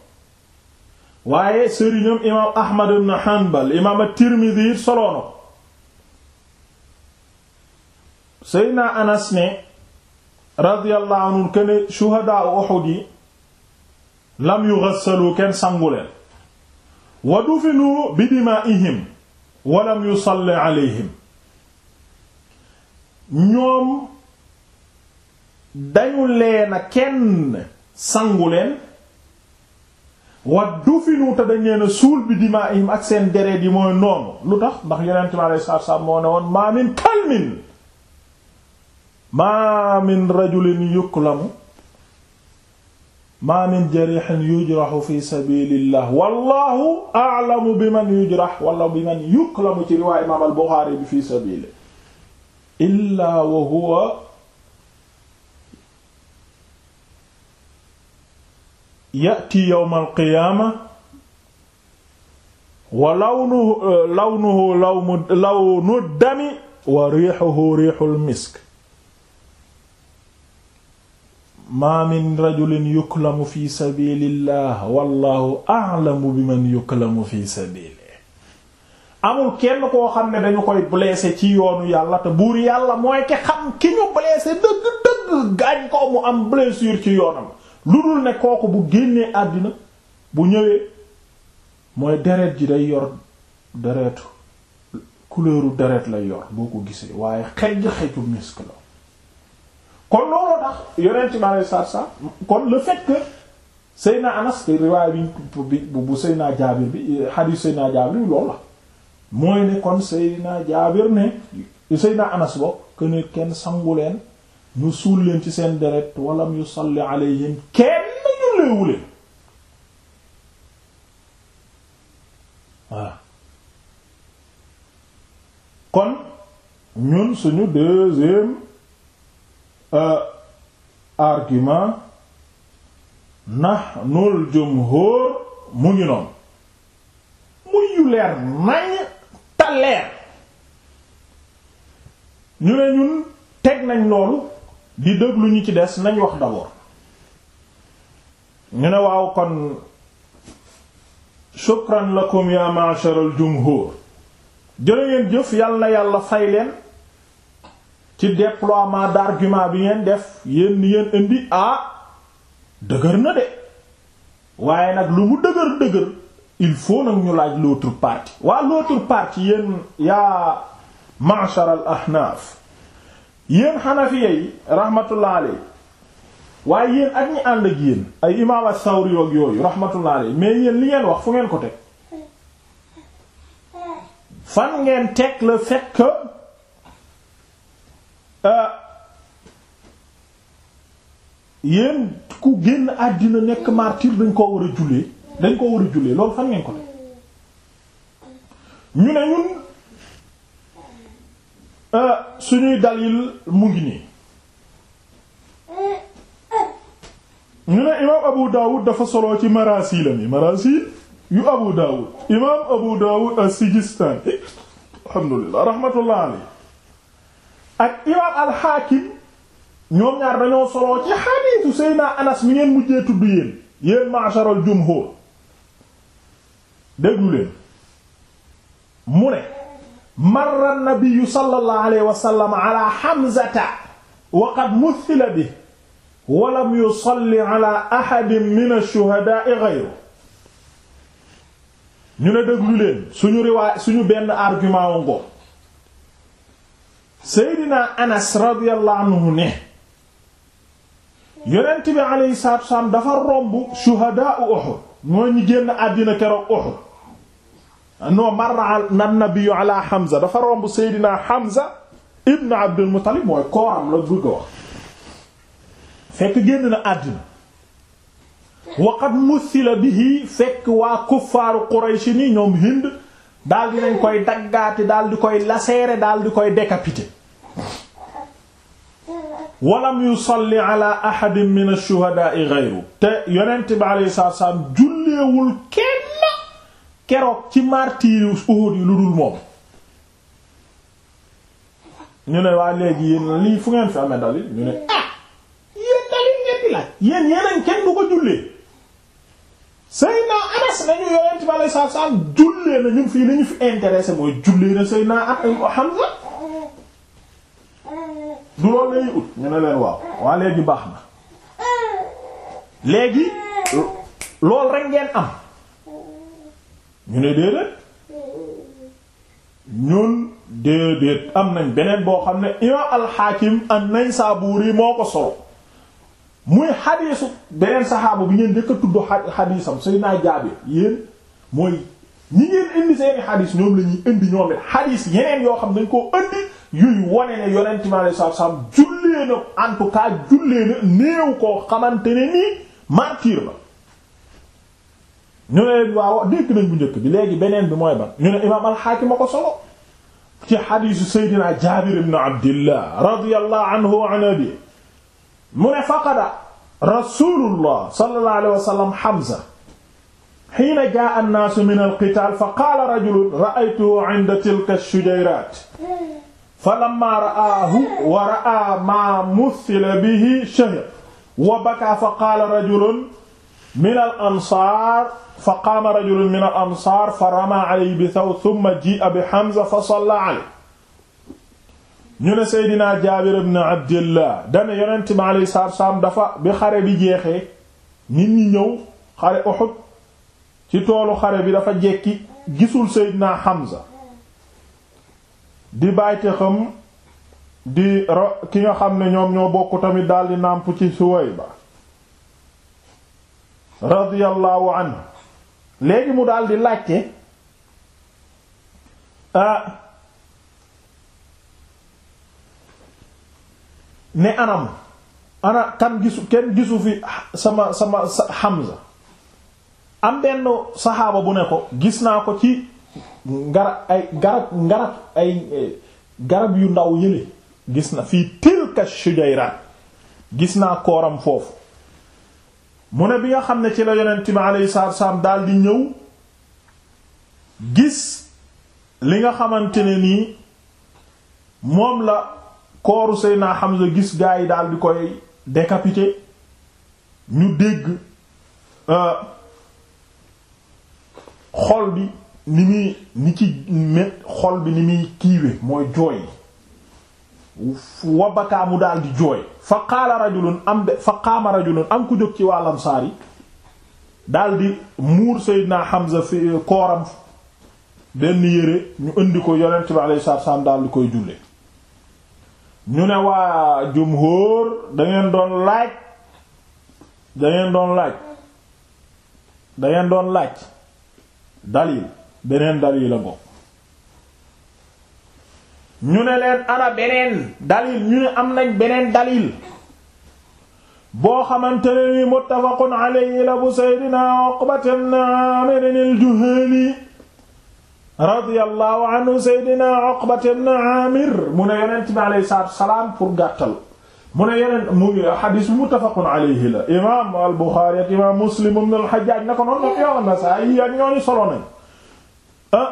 waaye sëriñam imaam ahmad ibn hanbal imaam at-tirmidhi it na seydna anas ne radiyallahu anhu kene shuhadaa uhud yi lam yughassalu kenn sangu leen wa dufinu bi dimaa'ihim wa lam yusalli alayhim ñoom dañu leena kenn sangu leen wa dufinu te dañ leena suul bi dimaa'ihim ak seen deret yi mooy noonu lu tax ndax yonent mi alayhi salaatu salaam moo ne woon maa min kalmin maa min rajulin maa min jarihin yujrahu fi sabilillah wallahu a'lamu biman yujrah wala biman yuklamu ci riwaay imaam al-Buxaari bi fi sabili illa wa huwa ya'ti yawm al-qiyaama wa lawnuhu lawnuhu lawnu dami wa riihuhu riihul misk maa min rajulin yuklamu fi sabilillah wallahu a'lamu biman yuklamu fi sabilihi amul kenn koo xam ne dañu koy blessé ci yoonu yàlla te buur yàlla mooy ki xam ki ñu blessé dëgg-dëgg gaañ ko mu am blessure ci yoonam lu dul ne kooku bu génnee àddina bu ñëwee mooy deret ji day yor deretu couleuru deret lay yor boo ko gisee waaye xejj xeju misk la kon looloo tax yonent bi alayhi salaatu salaam kon le fekk que Seyna Anas te riwaay bi bu Seyna Jaabir bi hadith Seyna Jaabir bi loolu la mooy ne kon Seyna Jaabir ne Seyna Anas bokk que kenn sangu leen ñu suul leen ci seen deret walam yusalli alayhim kenn julleewu leen voilà kon ñun suñu deuxième. argument nahnul jumhur mu ngi noonu muy yu leer nañ ta leer ñu ne ñun teg nañ loolu di déglu ñu ci des nañ wax d'abord ñu ne waaw kon shukran lakum ya ma'shar al jumhur jërë ngeen jëf yàlla yàlla fay leen ci déploiement d'argument bi ngeen def yéen ni ngeen indi ah dëgër na de waaye nag lu mu dëgër dëgër il faut nag ñu laaj l'autre partie waa l'autre partie yéen yaa ma'shar al ahnaf yéen xanafiya rahmatullah alay waaye yéen ak ñi ànd ak yéen ay imaam as-Sawri ak yooyu rahmatullah alay mais yéen li ngeen wax fu ngeen ko teg fan ngeen teg le fait Euh, yéen ku génn àddina nekk martyr dañ koo war a jullee dañ koo war a jullee loolu fan ngeen ko ne euh, ñu ne imaam Abu Dawud dafa solo ci marasilam yi marasil yu Abu Dawud imaam Abu Dawud as-Sijistani alhamdulillah rahmatullah alayhi ak imaam alxaakim ñoom ñaar dañoo soloo ci xadiisu Seydina Anas mi ngeen mujjee tudd yéen yéen ma'sharal jumhur déglu leen mu ne marra nabiyu sallallahu alayhi Hamzata wa qad muthila bi wa lam yusalli ala ahadin min ash-shuhada'i ghayru ñu ne déglu leen suñu riwaay suñu benn argument seydina anas radiyallahu anhu ne yonent bi alayhi dafa romb shuhadaa'u Uhud mooy ñi génn àddina keroog Uhud noo marra an-nabiyyu ala Hamza dafa romb seydina Hamza ibn Abdul Muttalib mooy kooram la bëgg fekk génn na àddina wa qad musila bihi fekk waa kuffaaru Quraysh ni ñoom Hind daldi dinañ koy daggaati daal di koy laseere daal di koy décapité walam yusalli ala ahadin min ash-shuhada'i ghayru te yonent bi alayhi salaatu salaam julleewul kenn keroog ci martyr yu yi lu dul moom ñu ne waa léegi yéen lii fu ngeen fi amee dalil ñu ne ah yéen dalil ngeen di laaj yéen kenn du ko jullee Seyna Anas nañu yonent bi aleyhi salaatu salaam jullee na ñun fii li fi intéressé mooy jullee na Seyna ak Hamza du loolu lañuy ut ñu ne leen waaw waa léegi baax na léegi lool rek ngeen am ñu ne déedéet ñun déedéet am nañ beneen boo xam ne imaam al-Hakim an-Naysaburi moo ko solo muy xadiisu beneen saxaaba bi ngeen dëkk a tudd xadiisam Seydina Jaabir yéen mooy ñi ngeen indi seeni xadiis ñoom la ñuy indi ñoom it xadiis yeneen yoo xam dañ koo indi yuy wone ne yonent ma alayhi salaatu salaam jullee na en koo xamante ne ma martyr la. ñu ne waaw dégg nañ bu njëkk bi léegi beneen bi mooy ba ñu ne imaam al-Hakim ko solo ci xadiisu Seydina Jaabir ibn Abdillah radiyallahu anhu wa an mu ne faqada rasulullah sallallahu alayhi wa sallam Hamza hiina jaa annaasu min alqitaal fa qaala rajulun ra'aytuhu 'inda tilka ash-shujayraat falammaa ra'aahu wa ra'aa maa mutthila bihi shahiqa wa bakaa fa qaala rajulun min al-ansaar fa qaama rajulun min al-ansaar fa ramaa 'alayhi bi thawb thumma jii'a bi Hamza fa sallaa 'alayhi ñu ne Seydina Jaabir na Abdillah dane yonent bi alayhi salaatu salaam dafa bi xare bi jeexee nit ñi ñëw xare Uhud ci toolu xare bi dafa jekki gisul Seydina Hamza di bàyte xam di ro ki nga xam ne ñoom ñoo bokk tamit daldi nàmp ci Suwayba radiyallahu anhu léegi mu daldi laajte ah, ne anam ana kan gisu kenn gisu fi sama sama Hamza am benn saxaaba bu ne ko gis naa ko ci ngarab ay garab ngarab ay eh, garab yu ndaw yële gis na fii tilka shujayrat gis naa kooram foofu mu ne bi nga xam ne ci la yonent bi alayhi salaatu dal di ñëw gis li nga xamante ne nii moom la kooru Seydina Hamza gis gaa yi daal di koy décapité ñu dégg euh, xol bi ni muy ni ci mét xol bi ni muy kiiwe mooy jooy wabakaa mu daal di jooy fa qaala rajulun am de fa qaama rajulun am ku jóg ci waa Ansaar yi daal di muur Seydina Hamza fi kooram benn yére ñu indi ko yonent bi alayhi salaatu salaam daal di koy jullee ñu ne waa jumhur dangeen doon laaj dangeen doon laaj dangeen doon laaj dalil beneen dalil la bokk ñu ne leen ana beneen dalil ñu ne am nañ beneen dalil boo xamante ne ni muttafaqun alayhi la bu sayyidina Uqbata ibn Amir al-Juhani radiyallahu anhu seydina Uqbat ibn Amir mu ne yonent bi alayhi salaatu salaam pour gàttal mu ne yeneen mu xadis bi muttafaqun alayhi la imaam al Buxaari ak imaam Muslim ibn al Hajjaaj na ko noonu la yow Nasaa'i ak ñooñu solo nañ ah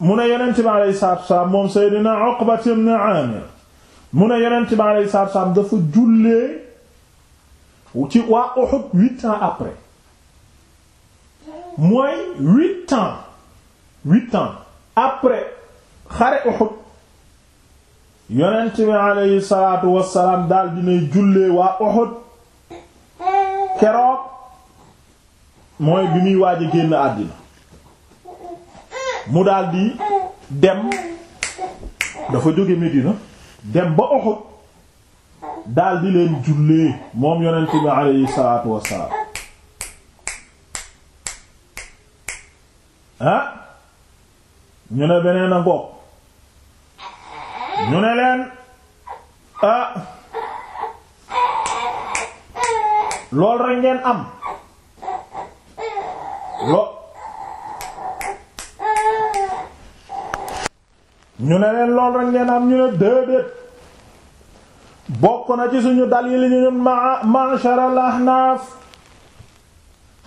mu ne yonent bi alayhi salaatu salaam moom seydina Uqbat ibn Amir mu ne yonent bi alayhi salaatu salaam dafa jullee ci waa Uhud huit ans après mooy huit ans. huit ans après xare Uhud yonent bi aleyhi salaatu wassalaam daal dinay jullee waa Uhud keroog mooy bi muy waaj a génn àddina mu daal di dem dafa jóge Medina dem ba Uhud daal di leen jullee moom yonent bi aleyhi salaatu wassalaam ah ñu ne beneen a ngoog ñu ne leen lool rek ngeen am ñu ne leen lool rek ngeen ñu ne déedéet bokk na ci suñu dal yi li ñu ñun ma ma'shar al-ahnaf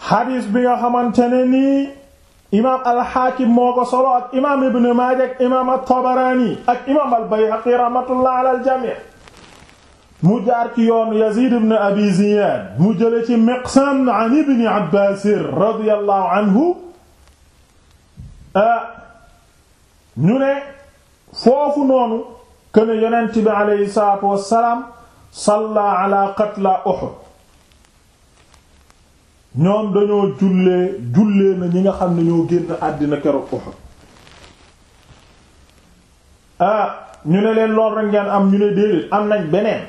xadiis bi nga xamante nii imaam alxaakim moo ko solo ak imaam ibn Maaja ak imaam at-Tabaraani ak imaam al-Bayhaqi rahmatullah ala al-jamii mu jaar ci yoon Yaziid ibn Abi Ziyaad mu jële ci Miqsam an ibn Abbaas radiyallahu anhu ah, ñu ne foofu noonu kën yonent bi aleyhi salaatu wassalaam salla ala qatla Uhud ñoom dañoo jullee jullee na ñi nga xam ne ñoo génn àddina keroog Uhud ah ñu ne leen lool rek ngeen am ñu ne déedéet am nañ beneen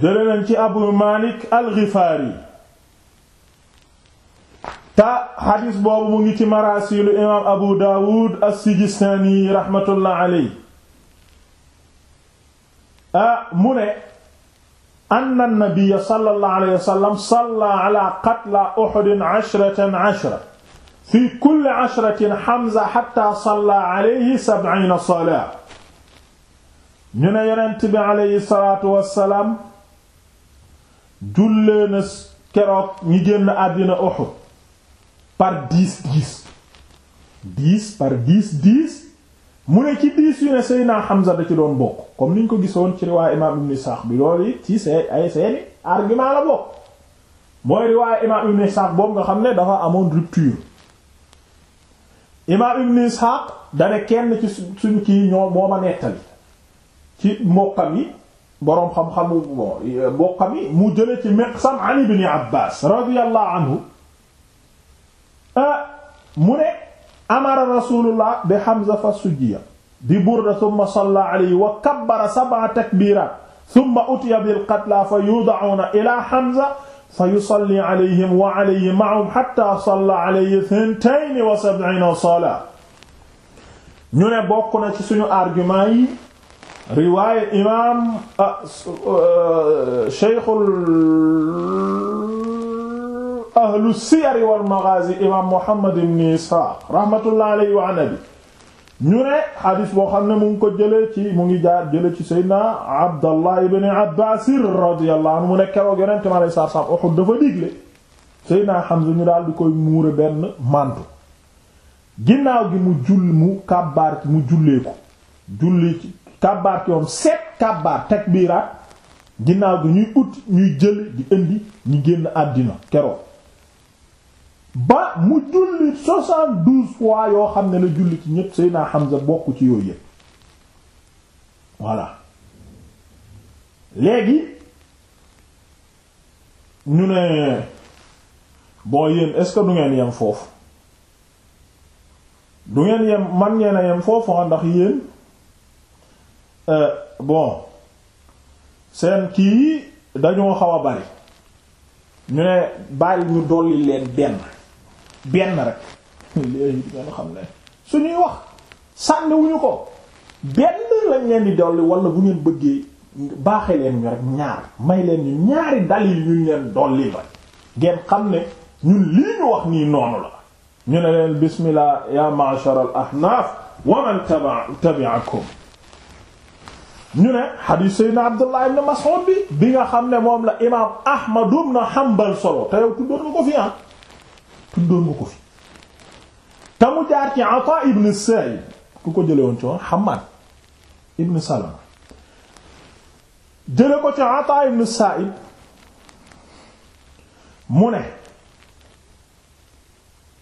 jële nañ ci Abu Malik al ta xadis boobu mu ngi ci marasilu imaam Abu Dawud as-Sijistani rahmatullah alayhi ah mu ne anna nabiyya sallallahu alayhi wa sallam salla ala qatla Uhud ashratan ashra fi kulli ashratin Hamza hatta salla alayhi sab'iina salaa ñu ne yonent bi alayhi salaatu wa salaam jullee na keroog ñi génn àddina Uhud par dix dix dix par dix dix mu ne ci diis yu ne Seydina Hamza da ci doon bokk comme niñ ko gisoon ci riwaay imaam Ibn Ishaq bi loolu it ci see ay seeni argument la bokk mooy riwaay imaam Ibn Ishaq boobu nga xam ne dafa amoon rupture imaam Ibn Ishaq dane kenn ci suñ kii ñoo moo ma nettali ci mbokkam yi boroom xam-xamu mbokkam yi mu jële ci Miqsam an ibn Abbas radiyallahu anhu ah, mu ne amara rasulullah bi Hamza fa sujjiya bi burda thumma salla alayhi wa kabbara sab'a takbirat thumma utiya bil qatla fa yud'una ila Hamza fa yusalli alayhim wa alayhi ma'ahum hatta salla alayhi thnatayn wa sab'ina salaa ñu ne bokk na ci suñu argument yi riwaaya imaam ah, uh, Sheikhul ahlu siyar wal maghazi imaam Muhammad ibn Isaaq rahmatullahi alayhi wa anabi ñu ne xadis boo xam ne mu ngi ko jëlee ci mu ngi jaar jëlee ci Seydina Abdallah ibn Abbaas radiyallahu anhu mu ne keroog yonente mi alayhi salaam Uhud dafa digle Seydina Hamza ñu daal di koy muure benn mantu ginnaaw gi mu jull mu kàbbaar ci mu jullee ko julli ci kàbbaar ci moom sept takbiiraat ginnaaw gi ñuy ut ñuy jël di indi ñu génn àddina keroog ba mu julli soixante-douze fois yoo xam ne la julli ci ñépp Seydina Hamza bokk ci yooyu yépp voilà léegi ñu ne bon yéen est du ngeen yem foofu du ngeen yem man ngeen a yem foofu ah, ndax yéen euh, bon seen kii dañoo xaw bari ñu ne bàyyi ñu dolli leen benn benn rek léegi di ngeen xam ne wax sànniwuñu ko benn lañ leen di dolli wala bu ngeen bëggee baaxee leen ñu rek ñaar may leen ñu ñaari dalil ñu leen dolli la ngeen xam ne ñun lii ñu wax nii noonu la ñu ne leen bismillah ya ma'shar al wa man tabi'akum ñu ne xadiis seydna abdullah ibn mas'ud bi bi nga xam ne moom la imam ahmad ibn hanbal solo te yow tuddoon nga ko fi ah tuddoon nga ko fi te jaar ci Ata ibn Sa'id ku ko jële woon ci woon Hammad ibn Salama jële ko ci Ata ibn Sa'id mu ne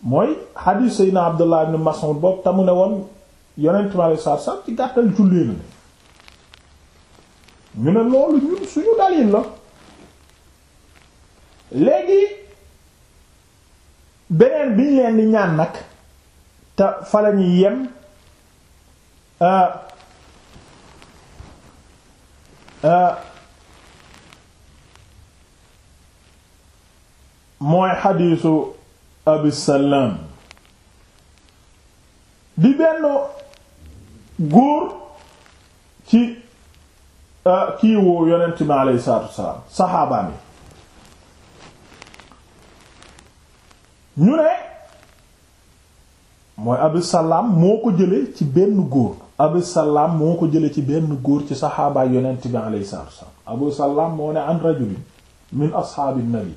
mooy hadith na Abdullah ibn Mas'ud boobu te ne woon yonent mi alayhi salaatu ci gàttal jullee na ñu ne loolu ñun suñu dalil la léegi beneen biñ leen di ñaan nag te fa la ñuy yem euh, euh, mooy xadiisu abisalaam di benn góor ci euh, kiiwu yonent bi aleyhi salaatu wasalaam saxaabaan yi ñu ne mooy Abu Salaam moo ko jële ci benn góor Abu Salaam moo ko jële ci benn góor ci saxaabaay yonent bi alayhi salaam Abu Salaam moo ne an rajulin min asxaabi nabi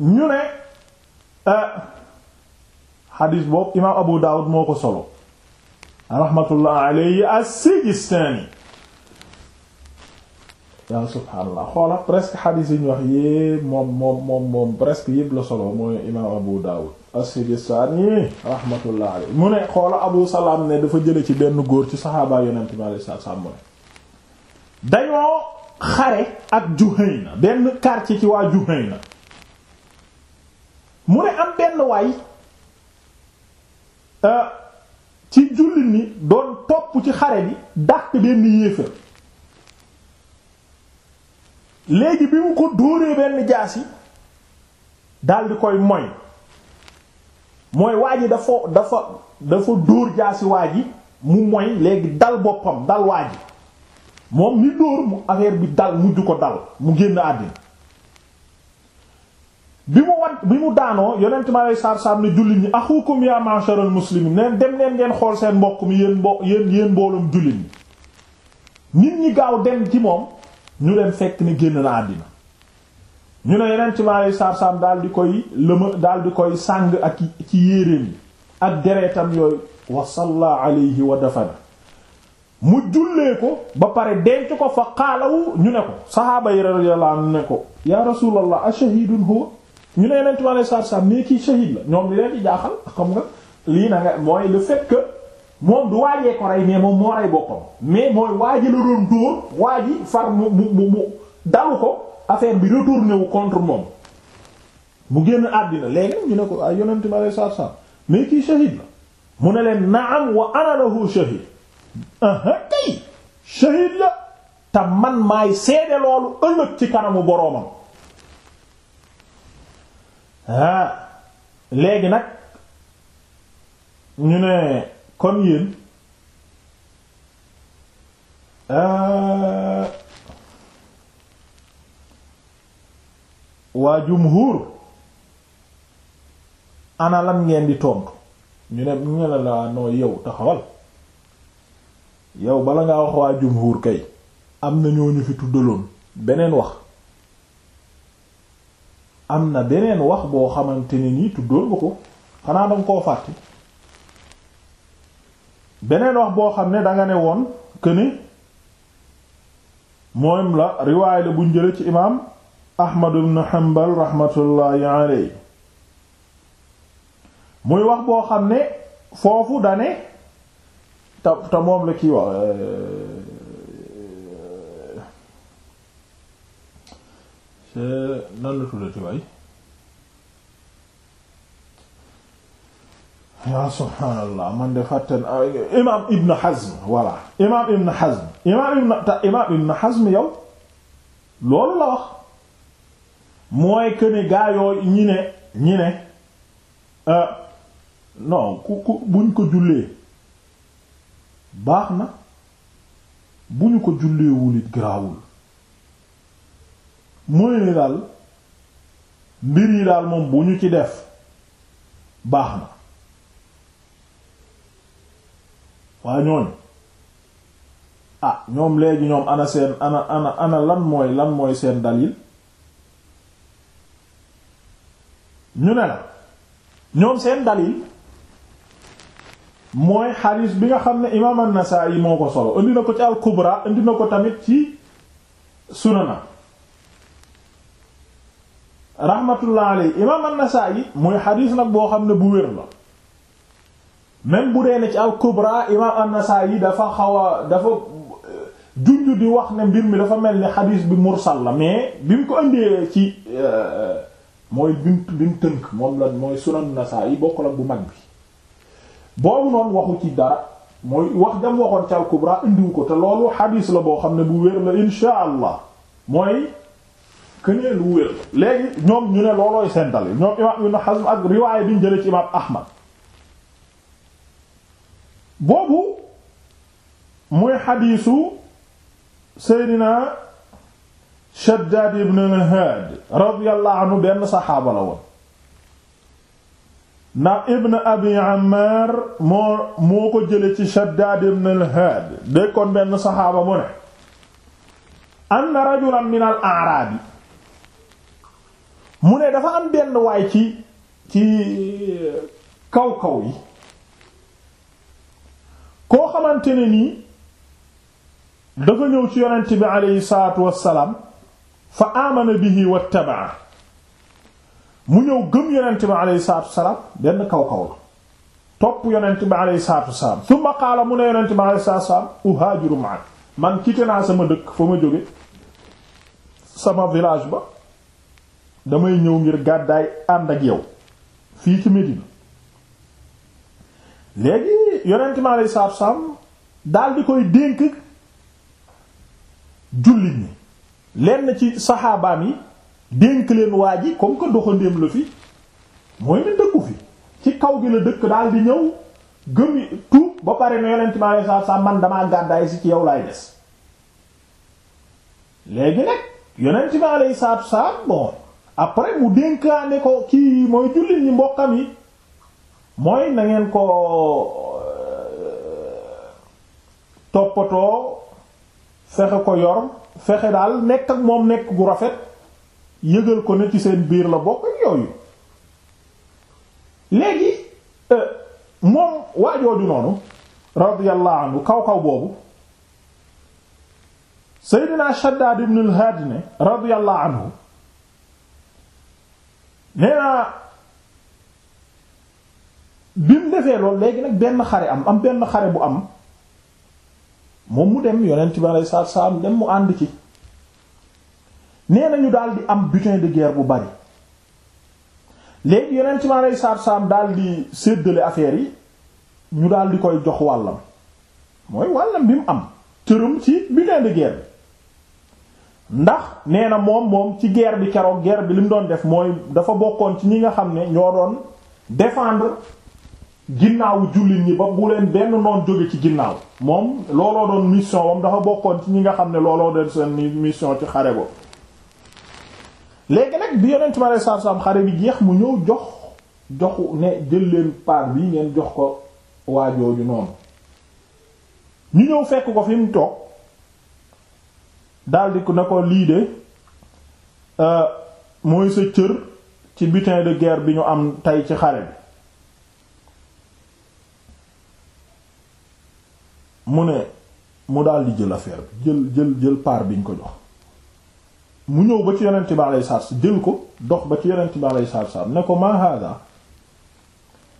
ñu ne eh, xadiis boobu imaam Abu Daawud moo ko solo raxmatullah alayhi as-Sijistaani yaa subhaanallah xoola presque xadiis yi ñu wax yépp moom moom moom moom presque yépp la solo mooy imaam Abu Dawud as-Sijistaani rahmatullah mu ne xoola Abu Salaam ne dafa jële ci benn góor ci saxaabaa yonent bi alayhi salaam mu ne ci waa Juhayna mu am benn waay euh, ci jullit ni doon topp ci xare bi daq benn yéefar léegi bi mu ko dóoree benn jaasi dal di koy moy mooy waa ji dafa dafa dóor jaasi waa ji mu moy léegi dal boppam dal waa ji moom ni dóor mu affaire bi dal mujj ko dal mu génn àddina bi mu wan bi mu daanoo yonent ma lay saar-saar ne jullit ñi axukum yaa ma'sharal muslimin neen dem leen ngeen xool seen mbokk mi yéen mbo yéen yéen mboolum jullit ñi nit ñi gaaw dem ci moom ñu dem fekk ne génn na àddina ñu ne yeneen ci maay sarsam daal di koy lëma daal di koy sàng ak ci yéreem yi ak deretam yooyu wa salla alayhi wa dafana mu jullee ko ba pare denc ko fa xaalawu ñu ne ko sahaaba yi radiyallahu anhu ne ko ya rasulallah a shahidun huwa ñu ne yeneen ci maay sarsam mais kii la ñoom li leen di jaaxal xam nga lii na nga mooy le fait moom du waajee ko rey mais moom moo rey boppam mais mooy waaji la doon dóor waaji far mu mu mu dalu ko affaire bi retourné néw contre moom mu génn àddina léegi ñu ne ko ay yonente mi mais kii shahid mu ne leen naam wa ana lahu man maay seede loolu ci kanamu boroomam ah léegi nag ñu ne kon yéen euh, waa jumhur ana lan ngeen di tontu ñu ne ñu ne la noo yow taxawal yow bala ngaa wax waa jumhur kay am na ñoo ñu fi tuddaloon beneen wax am na beneen wax boo xamante ni nii tuddoon nga ko xanaa danga koo fàtte beneen wax boo xam ne danga ne woon këne moom la riwaay la buñ jële ci imaam ahmad ibn hanbal rahmatullahi alayhi muy wax boo xam ne foofu dane te te moom la kiy wax euh, euh, nan la tuddati yaa subhaanallah man de fàtten ah, imaam Ibn Hazm voilà imaam Ibn Hazm imaam Ibn ta yow loolu la wax mooy que ne ñi ne ñi ne euh, non ku ku buñ ko jullee baax na bu ñu ko julleewul it garaawul mooy ne daal mbir yi daal moom bu ñu ci def baax na. waa ñooñu a ah, ñoom léegi ñoom ana seen ana ana ana lan mooy lan mooy seen dalil ñu ne la ñoom seen dalil mooy xadiis bi nga xam ne imaam an yi moo ko solo indi na ko ci al-Kubra indi na ko tamit ci na rahmatullah alayhi imaam an yi mooy xadiis nag boo xam ne bu wér la même bu dee ne ci al-Kubra imaam an-Nasaa'i dafa xaw dafa euh, junj di wax ne mbir mi dafa mel ni xadiis bi mursal la mais bi mu ko indee ci euh, mooy bi mu bi tënk moom la mooy sunan yi bokk la bu mag bi boobu noonu waxu ci dara mooy wax jam waxoon ci al-Kubra indiwu ko te loolu xadiis la boo xam ne bu wér la inshaa Allah mooy. kënee lu wér léegi ñoom ñu ne loolooy seen dal ñoom imaam Ibn Hazm ak riwaaya bi ñu jëlee ci imaam Ahmad boobu muy xadiisu seydina Shaddaad ibn Nahaad radiyallahu benn saxaaba la woon ndax ibn abi Ammaar moo moo ko jële ci Shaddaad ibn Nahaad dékkoon benn saxaaba mu ne anna rajulan min al mu ne dafa am benn waay ci ci kaw kaw yi koo xamante ne nii dafa ñëw ci yonent bi aleyhi salaatu wassalaam fa amana bihi wattabaa mu ñëw gëm yonent bi aleyhi salaatu wassalaam benn kaw kaw la topp yonent bi aleyhi salaatu wassalaam summa qaala mu ne yonent bi aleyhi salaatu wassalaam uhaajiru ma'ak man quitté naa sama dëkk fa ma jóge sama village ba damay ñëw ngir gàddaay ànd ak yow fii ci Médina léegi yonent mi alayhi salaatu salaam di koy dénk jullit ñi lenn ci saxaabaam yi dénk leen waa ji comme que doxandéem la fi mooy ne dëkku fi ci kaw gi la dëkk daal di ñëw gëm tuub ba pare ne yonent mi alayhi salaatu man damaa gàddaay si ci yow laay des léegi nag yonent mi alayhi salaatu salaam après mu dénkaane ko kii mooy jullit ñi mbokkam yi mooy na ko toppatoo fexe ko yor fexe daal nekk ak moom nekk gu rafet yëgal ko ne ci seen biir la bokk yooyu léegi euh, moom waajooju noonu radiyallahu anhu kaw kaw boobu Seydina Shaddad ibn al-Hadi ne radiyallahu anhu nee na bi mu defee loolu léegi nag benn xare am am benn xare bu am moom mu dem yonent bi aleyhi salaatu salaam dem mu ànd ci nee ñu daal di am butin de bu bari léegi yonent bi aleyhi salaatu salaam daal di séddale affaire yi ñu daal di koy jox wàllam mooy wàllam bi mu am tërëm ci butin de bi ndax nee na moom moom ci geer bi keroog guerre bi li mu doon def mooy dafa bokkoon ci ñi nga xam ne ñoo doon défendre ginnaaw jullit ñi ba bu leen benn noon jóge ci ginnaaw moom looloo doon mission wam dafa bokkoon ci ñi nga xam ne looloo doon seen mission ci xare bo léegi nag bi yonent ma lay sarsam xare bi jeex mu ñëw jox joxu ne jël leen paar bi ngeen jox ko waajooju noonu ñu ñëw fekk ko fi mu toog daldi ko ne ko lii de euh, mooy sa cër ci butin de guerre bi ñu am tey ci xare bi mu ne mu daal di jël affaire bi jël jël jël part biñ ko jox mu ñëw ba ci yonent bi alayhi salaatu jël ko dox ba ci yonent bi alayhi salaatu salaam ne ko ma hada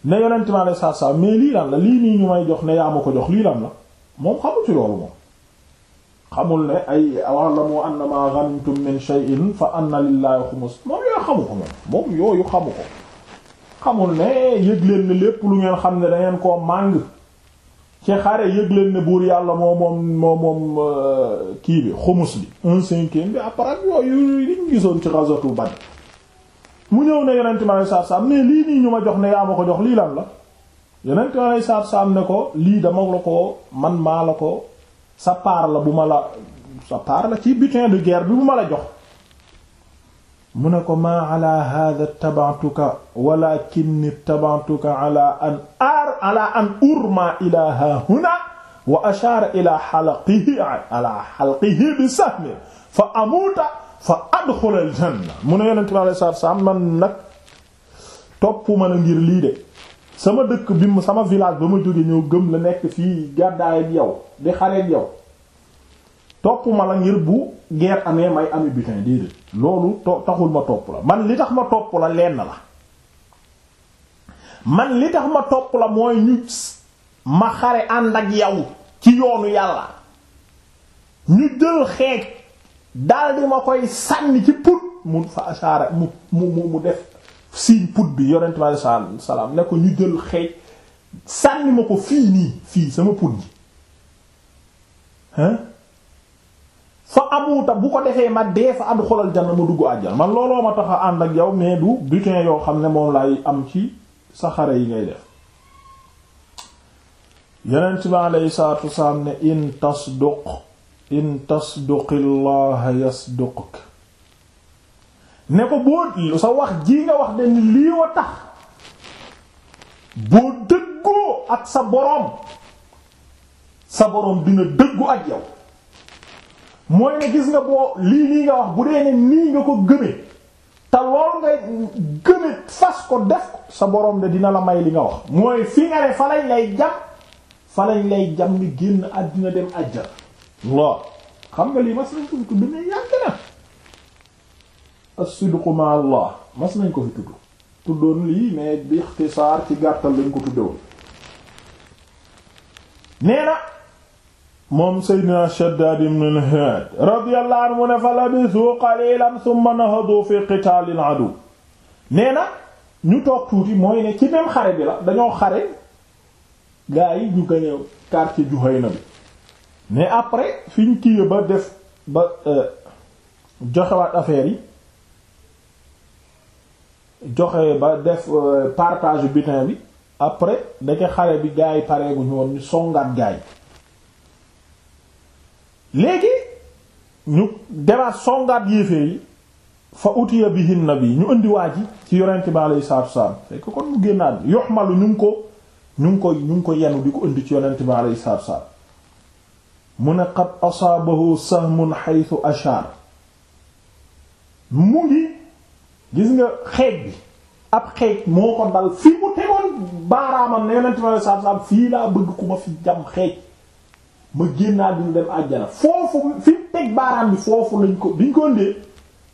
ne yonent bi alayhi salaatu mais lii lan la lii nii ñu may jox ne yaa ma ko jox lii lan la moom xamu ci loolu moom xamul ne ay wa'lamu annama ghanimtum min shay'in fa anna lillahi xumus moom yooyu xamu ko moom moom yooyu xamu ko xamul ne yëg leen ne lépp lu ngeen xam ne dangeen koo màng ci xare yëg leen ne buur yàlla moo moom moo moom euh, kii bi xumus bi un cinquième bi après yooyu liñ gisoon ci ghazwatu Badr mu ñëw ne yonent mi alei satu salaam mais lii nii ñu ma jox ne yaa ma ko jox lii lan la yonent mi alei satu salaam ne ko lii dama la ko man maa la ko sa part la bu ma la sa part la ci butin de guerre bi bu ma la jox mu ne ko maa ala hada tabaatuka walakinni tabaatuka ala an ar ala an urma ila ha huna wa ashaara ila xalqihi ala xalqihi bi sahmi fa amuuta fa adxula al janna mu ne yonente bi alayhi salaatu salaam man nag topp mën a ngir lii de sama dëkk bi sama village ba ma jóge ñëw gëm la nekk fii gàddaay ak yow di xare ak yow topp ma la ngir bu guerre amee may ami butin déedéet loolu taxul ma topp la man li tax ma topp la lenn la man li tax ma topp la mooy ñu ma xare ànd ak yow ci yoonu yàlla ñu jël xeej daldi ma koy sànni ci put mu fa asaara mu mu mu def signe put bi yonent bi alei salaatu salaam ne ko ñu jël xeej sànni ma ko fii nii fii sama put gi fa amuta bu ko defee ma dee fa ànd xolal janna ma dugg àjjana man looloo ma tax a ànd ak yow mais du butin yoo xam ne moom lay am ci sa xare yi ngay def yonent bi aleyhi salaatu wasalaam ne in tasduq ne ko boo sa wax jii nga wax de ni lii wa tax boo dëggoo ak sa boroom sa boroom dina dëggu ak yow mooy ne gis nga boo lii lii nga wax bu dee ne nii nga ko gëme te lool nga gëme fas ko def ko sa borom de dina la may li nga wax mooy fi nga ne fa lañ lay jam fa lay jam ni génn àddina dem àjjal waaw xam nga lii mas nañ ko fi tudd ne yàgg na as-sidqu ma Allah mas nañ ko fi tudd tuddoon lii mais bi ixtisaar ci gàttal lañ ko tuddoon nee na moom Seydina Shaddaad ibn al-Haad radiyallahu anhu mu ne fa labisu qalilan thumma nahadu fi qitaalil adu nee na ñu toog tuuti mooy ne ci même xare bi la dañoo xare gaa yi ñu gañe quartier Juhayna bi mais après fi ñu kiiwe ba def ba euh, joxewaat affaire yi joxe ba def euh, partage butin bi après ndeke xare bi gaa yi pareeguñu woon ñu songaat gaa yi léegi ñu demaat songaat yéeféer yi fa utiya bihin nabi ñu indi waa ji ci yonent bi alayhi salaatu wasalaam fekk kon mu génnaat yoxmalu ñu ngi ko ñu ko ñu ngi ko yenu di ko indi ci yonent bi alayhi salaatu wasalaam mu ne qad asaabahu sahmun haythu ashar mu ngi gis nga xeej bi ab xeej moo ko dal fi mu tegoon baaraamam ne yonent bi alayhi salaatu wasalaam fii laa bëgg ku ma fi jam xeej ma génn àddina dem àjjana foofu fim teg baaraam bi foofu lañ ko biñ ko ndee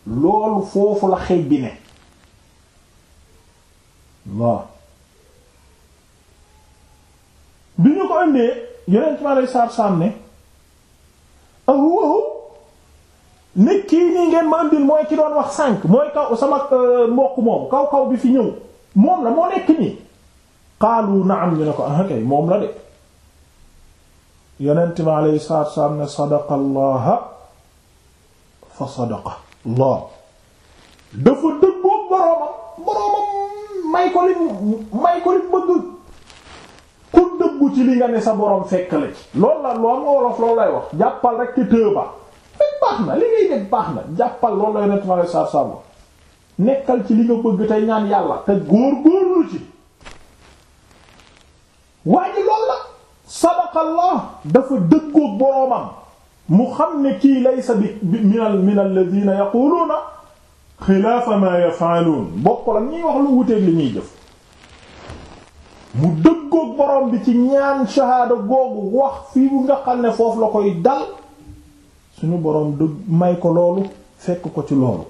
loolu foofu la xeej bi ne waaw bi ñu ko indee yeneen ci ma lay saar saam ne ahuwahu ne kii nii ngeen ma indil mooy ki doon wax sànq mooy kaw sama euh, mbokk moom kaw kaw bi fi ñëw moom la moo nekk nii qaalu na'am ñu ne ko ah kay moom la de yonent bi alayhi salaatu wassalaam ne sadaqa allaha fa sadaqa allah dafa dëggoo boroomam boroomam may ko li may ko li bëgg ku dëggu ci li nga ne sa boroom fekk la ci loolu la loolu nga wolof loolu lay wax jàppal rek tëba fekk baax na li ngay def baax na jàppal loolu la yonent bi alayhi salaatu wassalaam nekkal ci li nga bëgg tey ñaan yàlla te góor góorlu ci waaye sadaqallah dafa dëggoog boroomam mu xam ni kii laysa bi minal minal ladina yaquluuna xilaafa ma yafaaluun bokk la ñuy wax lu wuteeg li ñuy jëf mu dëggoog boroom bi ci ñaan shahaada googu wax fii bu nga ne foofu la koy dal suñu borom dëgg may ko loolu fekk ko ci loolu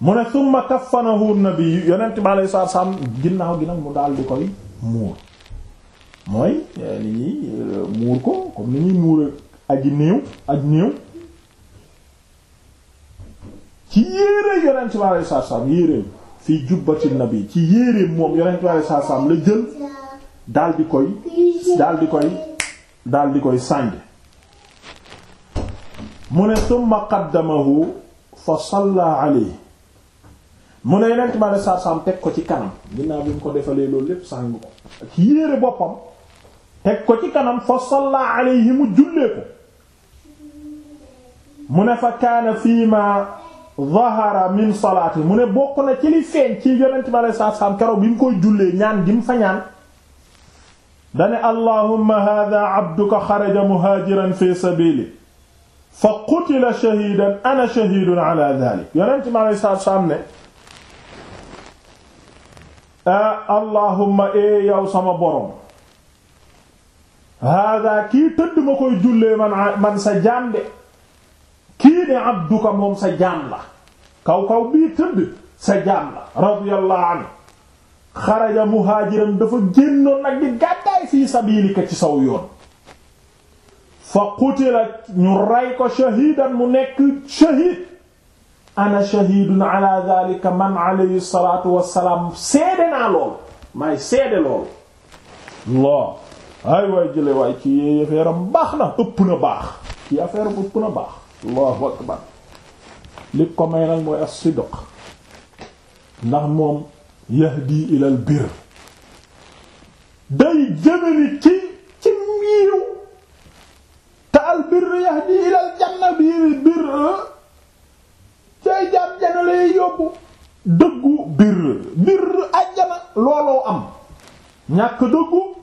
mu ne summa kaffanahu nabi yonent bi alayhi salaam ginnaaw gi nag mu daal di koy muur mooy euh, ni ñuy euh, muur ko comme ni ñuy muur aji néew aji néew ci yéere yonent bi alayhi salaatu salaam yéereem fii nabi ci yéereem moom yonent bi alayhi salaatu salaam la jël daal di koy daal di koy daal di koy sàng mu ne summa qaddamahu fa salla mu ne yonent bi alayhi teg ko ci kanam ginnaaw bi mu ko defalee loolu yépp sàng ko ci yéere boppam teg ko ci kanam fa salla alayhi mu jullee ko mu ne fa kaana fii ma zahara min salaati mu ne bokk na ci li feeñ ci yonent bi alei satu salaam keroog bi mu koy jullee ñaan gi mu fa ñaan dane allahumma hadha abduka xaraja muhaajiran fi sabili fa qutila shahidan ana shahidun ala dhalik yonent ne ah, allahumma e yow sama borom hada kii tëdd ma koy jullee man sa jaam kii de abduka moom sa jaam la kaw kaw bii tëdd sa jaam la radiyallahu anhu xaraja muhaajiram dafa génnoon nag di gàddaay fii sabilika ci saw fa qutila ñu rey ko mu nekk shahid ana shahidun ala dhalika man alayhi salatu wasalaam seede naa loolu maay seede loolu ay waay jële waay ci affaire am baax na ëpp na baax ci affaire ëpp na baax allahu akbar li ko may nag mooy as ndax moom yahdi ilal bir day jëmali ci ci miiw te al bir yahdi ilal janna biir bir cay jàpp janna lay yóbbu dëggu bir bir ajjana looloo am ñàkk dëggu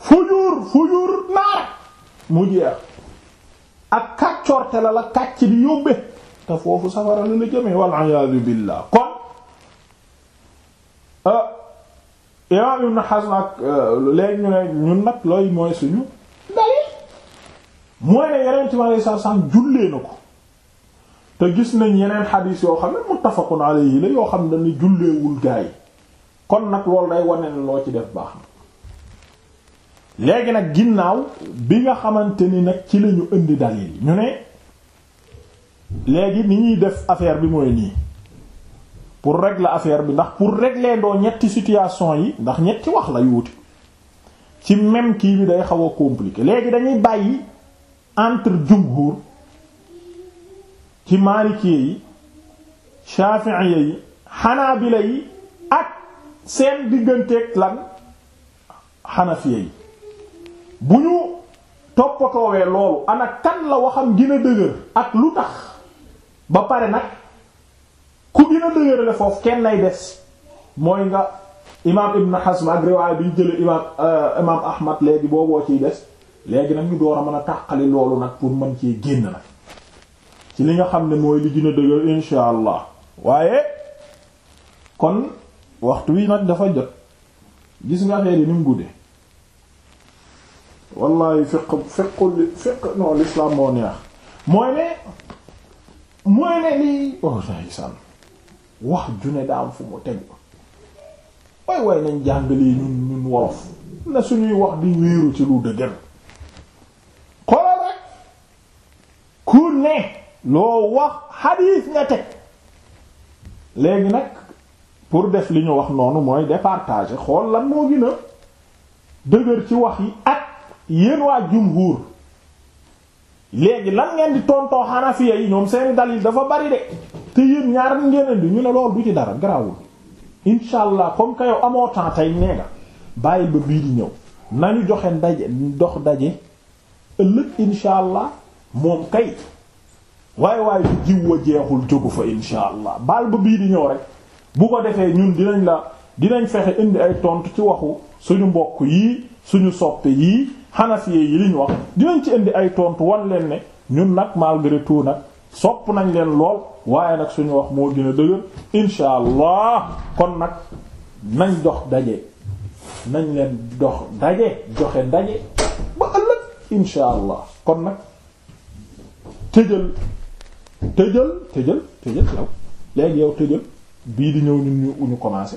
fujur fujur naar mu jeex ak kàccorte la la kàcc bi yóbbe te foofu safara la la jëme wal iyaadu billah kon euh, imaam Ibn Hazm ak euh, léegi ñu ne ñun nag looy mooy suñu dalil mooy ne yeneen ci wàllu saa sàn jullee na ko te gis nañ yeneen xadiis yoo xam ne muttafaqun alayhi la yoo xam ne ni julleewul gaa yi kon nag loolu day wane ne loo ci def baax na léegi nag ginnaaw bi nga xamante ni nag ci lañu ñu indi dalil ñu ne léegi ni ñuy def affaire bi mooy nii pour régler affaire bi ndax pour régler doo ñetti situation yi ndax ñetti wax la yu ci même kii bi day xaw a compliqué léegi dañuy bàyyi entre jumhur ci maalikee yi shafi'iyya yi xanaa xanaabila yi ak seen digganteeg lan xanafiya yi bu ñu toppatoowee loolu ana kan la waxam gën a dëgër ak lu tax ba pare nag ku gën dëgërale foofu kenn lay des mooy nga imaam Ibn Hazm ak riwaaya bi ñu jëlee imaam euh, imaam Ahmad léegi booboo ciy des léegi nag ñu door a mën a tàqali loolu nag pour mën ci génn nag ci li nga xam ne mooy li gën a dëgër insha waaye kon waxtu wi nag dafa jot gis nga xeer ni mu guddee wallahi fiq fiqu fiq non l'islam moo neex mooy ne mooy ne lii oh, wax ju ne daam fu mu tegu way way nañ jàngalee ñun ñun wolof na suñuy wax di wéeru ci lu dëgër xoolal rek ku ne loo wax xadiis nga teg léegi nag pour def li ñu wax noonu mooy départage xool lan moo gën a dëgër ci wax yi yéen waa jumhur léegi lan ngeen di tontoo xanafiya yi ñoom seeni yi dafa bari de te yéen ñaar ngeen indi ñu ne lool du ci dara garaawul incha allah comme que yow amoo temps tey nee nga bàyyi ba bii di ñëw nañu joxe ndaje dox ndaje ëllëg incha allah moom kay waaye waaye bu jiw wa jeexul jógu fa incha allah baal ba bii di ñëw rek bu ko defee ñun dinañ la dinañ fexe indi ay tontu ci waxu suñu mbokk yii suñu soppe yii Hanafiye yi li wax dinañ ci indi ay tontu wan leen ne ñun nag malgré tout nag sopp nañ leen lool waaye nag suñu wax moo gën a dëgër insha kon nag nañ dox daje nañ leen dox daje joxe daje ba ëllëg insha kon nag tëjal tëjël tëjël tëjal yow léegi yow tëjal bii di ñëw ñun ñu ñu commencé